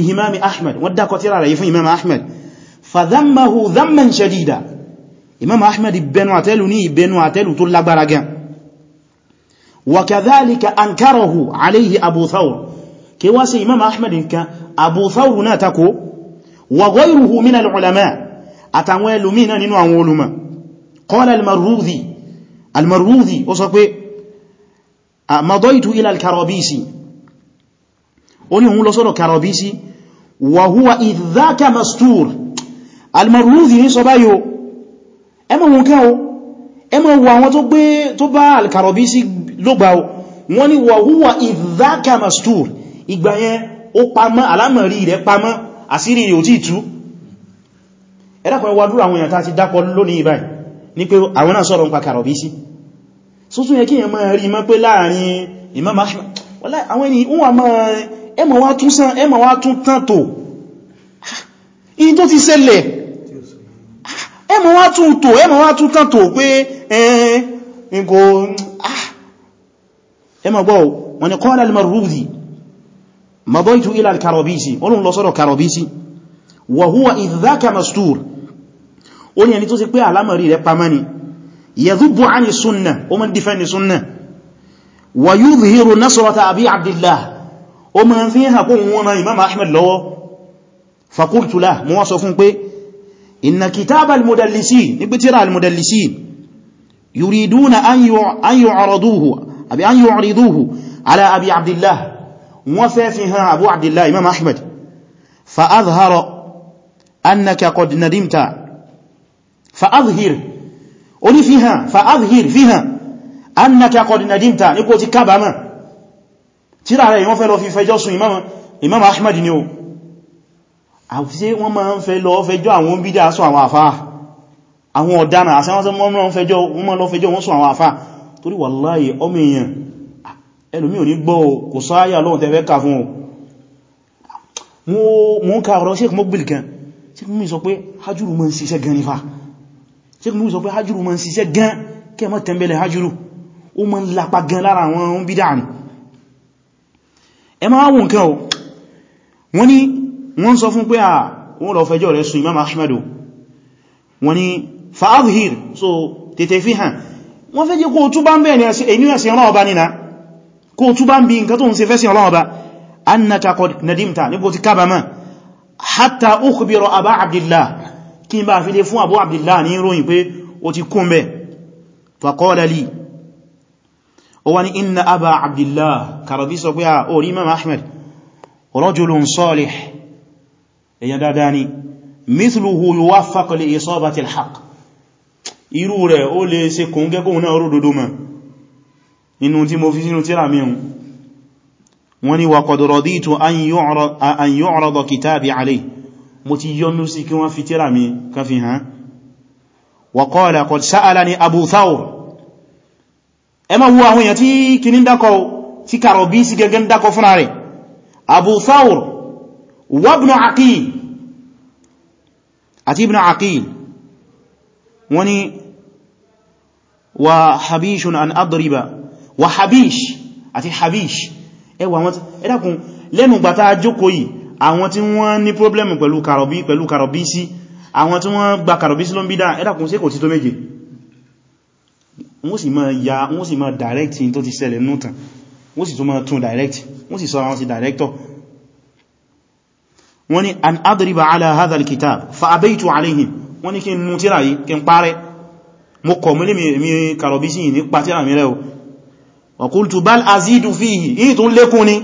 fàdánmáhù dánmàn ṣadìdà imam ahmed ìbẹnu àtẹ́lù ní ìbẹnu àtẹ́lù tó lágbára gan wàkàdálíkà an kárọ̀hù aléhì abúthawr kí wá sí imam ahmed nǹkan abúthawr náà takó wa ghayruhu minal ulama àtàwọn ẹlùmí náà nínú àwọn olùmọ̀ qala al-marrudhi al-marrudhi ó sọ pé ní òun lọ sọ́dọ̀ karabisi wa huwa idh dhaka mastur almarmuzi ní sọ báyìí o ẹmọ wọn kẹ́ o ẹmọ wọ àwọn tó gbé tó bá alkarobi sí lógbà o wọ́n ni wọ̀ húwà ìdáka mastur ìgbà yẹn ó pamọ́ alámọ̀rí rẹ̀ pamọ́ àsírí rẹ̀ ò tí tú ẹ̀dàkùn ẹwà dúró àwọn èèyàn tá ti dápọ̀ lónìí báyìí ní pé àwọn náà sọ̀rọ̀ ń pa kàrọ̀bí sí sútún yẹ kí èèyàn máa rí mọ́ pé láàrin Imam Ahmad wọ́n láàrin àwọn ènìyàn wọ́n wà máa ẹmọ̀ wá tún tán tó in tó ti ṣẹlẹ̀ ẹmọ wá tún tò ẹmọ wá tún tán tò pé ẹ̀ẹ́n kò ah. ẹmọ gbọ́ wọn ni qala al-Marrudhi madaytu ila al-Karabisi olóhun lọ sọ́dọ̀ Karabisi wa huwa mastur ó ní ẹni tó sì pé alámọ̀rí rẹ̀ pamani yadhubbu ani sunna ó mọ́ dífẹ́ ni sunna wa yudhiru nasrata abi Abdillah ó mọ́ fi hàn kó wọn ran Imam Ahmad lọ́wọ́ faqultu lah mo wá sọ fún pé inna kitab al-mudallisin níbi tíra al-mudallisin yuriduna an yu'riduhu àbí an yu'riduhu ala abi abdillah wọ́n fẹ́ fi hàn abu abdillah imam ahmad fa azhara annaka qad nadimta fa azhir oni fi hàn fa azhir fi hàn annaka qad nadimta ní kò ti kábàámọ̀ tíra rẹ̀ wọ́n fẹ́ lọ fi fẹjọ́ sùn imam ahmad ni o àfíṣẹ́ wọ́n máa ń fẹ́ lọ fẹjọ́ àwọn bídá sún àwọn àfá àwọn ọ̀daràn àṣẹ wọ́n máa lọ fẹjọ́ wọ́n sún àwọn àfá torí wàláyé ọmọ èèyàn ẹlòmí ò ní gbọ́ kò sáyà lọ́wọ́n tẹ́fẹ́ ká fún mú ń ká ọ̀rọ̀ Sheikh Muqbil kan Sheikh Muqbil sọ pé hajjúrù mọ́ ń ṣiṣẹ́ gan nífà Sheikh Muqbil sọ pé hajjúrù mọ́ ń ṣiṣẹ́ gan kí ẹ wọ́n sọ fún pé à wọ́n lọ rẹ̀ sùn imam ahmedu wọ́n ni fa'adhir so tètè fi hàn wọ́n fẹ́ jẹ́ kó túbá ń bẹ̀ẹ̀ ní ẹ̀sìn ọlọ́wọ́ bá nínà kó túbá ń bí nǹkan tó ń ṣe fẹ́sìn ọlọ́wọ́ bá annaka qad nadimta níbo ti kábàmà hatta ukhbira aba abdillah kí n bá fi lè fún abu abdillah ní ròyìn pé ó ti kún bẹ̀ faqala li ó inna aba abdillah karabi sọ pé a orí imam ahmed rajulun salih èyàn dáadáa ni mithluhu yuwaffaq li isabati al-haqq irú rẹ̀ ó lè ṣe kòǹgẹ́ kóhun náà rò dodo mọ̀ nínú tí mo fi sínú tíra mìíràn wọ́n ni wa qad raditu an yu'rada kitabi alayhi mo ti yọ́nú sí kí wọ́n fi tíra mi kan fi hàn wa qala qad sa'alani Abu Thawr ẹ ma wo àwọn èèyàn tí kìní dákọ̀ tí kàrọ̀ bí sí gẹ́gẹ́ dákọ̀ fúnra rẹ̀ Abu Thawr wabnu aqil àti ibn aqil wọ́n ni wa habishun an adriba wa habish àti habish ẹwà wọn ẹ̀dàkùn lẹ́nu gbàtà jókòó yìí àwọn tí wọ́n ní problem pẹ̀lú karobi pẹ̀lú karobi sí àwọn tí wọ́n gba karobi sí ló ń bí dáa ẹ̀dàkùn sí kò tí tó méje wọ́n sì máa ya wọ́n sì máa direct wọ́n ní an adriba ala hadha alkitab fa abaitu alayhim wọ́n ní kí n mú tíra yìí kí n parẹ́ mo kọ̀ mú lè mi kàrọ̀bí sí ní pa tíra mi rẹ̀ wa qultu bal azidu fihi yìí tó lékún ni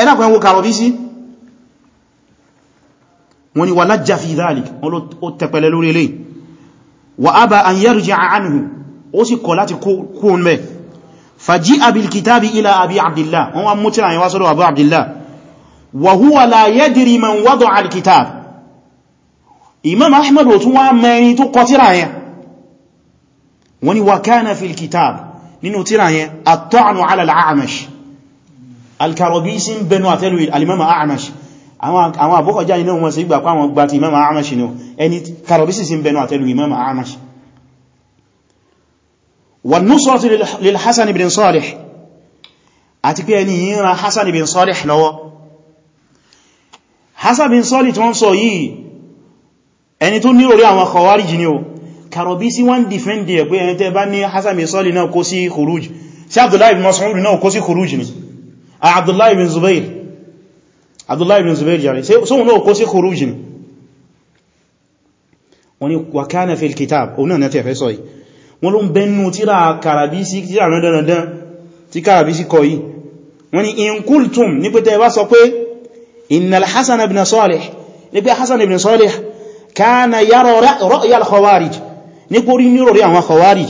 ẹnàkùn ẹwọ kàrọ̀bí sí wọ́n ní wa lajja wa huwa la yadri man wada'a al-kitab imam ahmad ó tún wá mẹ́rin tó kọ tírà yẹn wọ́n ní wa kana fil kitab nínú tírà yẹn at-ta'nu 'ala al-a'mash al-karabisi ń bẹnu àtẹ́lù al-imam a'mash àwọn àbúkọjá iná wọn sí gbà pàwọn gbà ti imam a'mash ni ẹni karabisi sí ń bẹnu àtẹ́lù imam a'mash wa nusratu lil hasan ibn salih àti pé ẹni yìí hasan ibn salih lọ́wọ́ Hasan bin Sali tí wọ́n sọ yìí ẹni tó nírò rí àwọn Khawarij ni o Karobisi wọ́n dìfẹ́ndì ẹ̀ pé ẹni tẹ́ bá ní Hasan bin Sali náà kó sí khuruj sí Abdullahi bin Mas'ud náà kó sí khuruj ni a ah, Abdullahi bin Zubair Abdullahi bin Zubair jari sóhun náà kó sí khuruj ni wọ́n ni wa kana fil kitab wọ́n ni in kultum ní pé bá sọ pé innal hasan ibn salih ní pé hasan ibn salih kana yara ra'yal khawarij ní pé orí nírò rí àwọn khawarij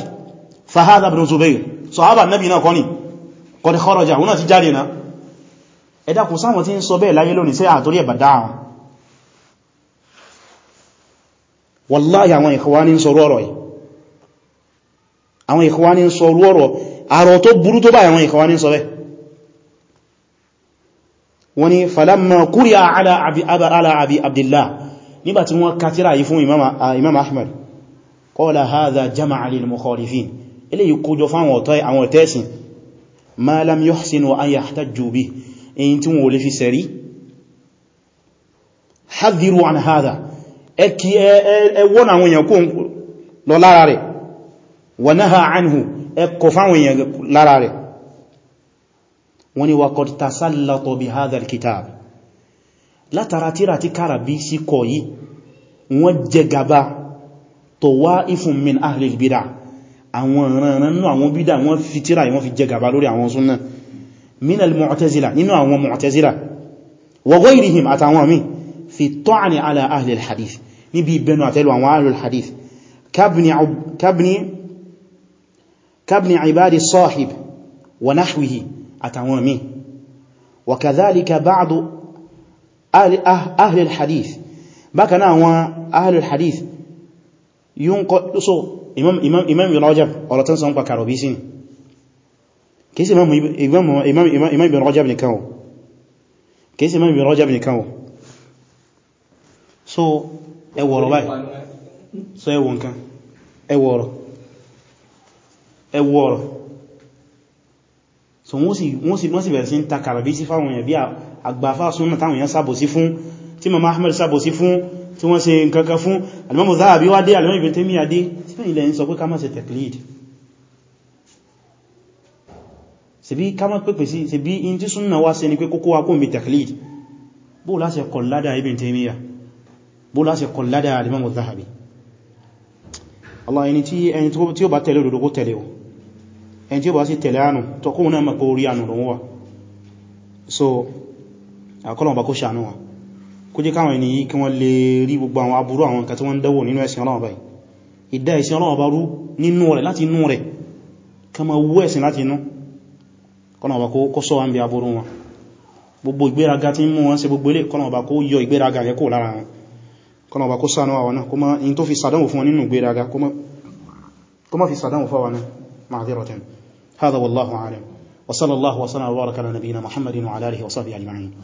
fa hadha ibn zubair sahaba annabi náà kọ́ni qad kharaja àwọn náà ti jáde náà ẹ̀dá kò sáwọn tí ń sọ bẹ́ẹ̀ láyé lónìí sẹ́ àtórí ẹ̀bà dáhùn wallahi àwọn ikhwani ń sọrú ọ̀rọ̀ yìí àwọn ikhwani ń sọrú ọ̀rọ̀ àrọ̀ tó burú tó bá àwọn ikhwani ń sọ wọ́n ni falamma kúrìá ala abi abdillah nígbàtí wọ́n katira yìí fún ah, imam ahmad qala hadha jama'a lil mukhalifin ilé yìí kójọ fáwọn ọ̀tẹ́sìn ma lam yuhsinu an yahtajju bi èyí tí wọ́n lè fi sẹ̀rí hadhiru an hadha ẹkí ẹwọ́n àwọn èèyàn kó lọ lára rẹ̀ wa naha anhu ẹkọ̀ fáwọn èèyàn lára rẹ̀ wọ́n ni wakọ̀d tasallatọ̀ bí hadha alkitab látara tíra tí kàràbí sí kọ yìí wọ́n jẹ gaba tó wá ifun min ahlil bida àwọn ìrànràn nínú àwọn bídà wọ́n fi tíra wọ́n fi jẹ gaba lórí àwọn súnnà min al-mu'tazila nínú àwọn mu'tazila wa ghayrihim àtàwọn mi fi ta'ni ala ahlil hadith níbi ìbẹnu àtẹ́lù àwọn ahlil hadith kabni ibadi sahib wa nahwihi àtàwọn míì wakadhalika ba'du ahli al-hadith bákan náà àwọn ahli al-hadith yunqadu so imam imam imam ibn rajab ọ̀rọ̀ tán sọ ń pa karobisi ni kìí sí imam ibn rajab nìkan o kìí sí imam ibn rajab nìkan o so ẹwọ̀rọ̀ báyìí so ẹwọ̀ nǹkan ẹwọ̀rọ̀ ẹwọ̀rọ̀ so wọ́n sì bẹ̀rẹ̀ sí ń ta kàràbí sí fáwọn èèyàn bí àgbàfà súnmọ̀ táwọn èèyàn sàbòsí fún tí Imam Ahmad sàbòsí fún tí wọ́n ṣe nǹkankan fún Al-Imam Zahabi wá dé Al-Imam Ibn Taymiyyah dé ni pé kókó wa kó mi taqlid bó láṣẹ kọ̀ládà Ibn Taymiyyah bó láṣẹ kọ̀ládà al Allah ẹni tí ó bá ẹni tí ó bá sì tẹ̀lé àánú tọkún náà mọ̀kó orí àánú lòun so àkọ́lọ̀wọ̀n bá kó ṣàánú wa kó jẹ́ káwọn ènìyàn kí wọ́n lè rí gbogbo àwọn aburú àwọn nǹkan tí wọ́n ń dẹ́wò nínú ẹ̀sìn Ọlọ́run báyìí ìdá ẹ̀sìn Ọlọ́run bá rú nínú rẹ̀ láti inú rẹ̀ ká ma wú ẹ̀sìn láti inú kọ́nà bá kó sọ wọn bí aburú wọn gbogbo ìgbéraga tí ń mú wọn هذا والله أعلم وصلى الله وسلم وبارك على نبينا محمد وعلى آله وصحبه أجمعين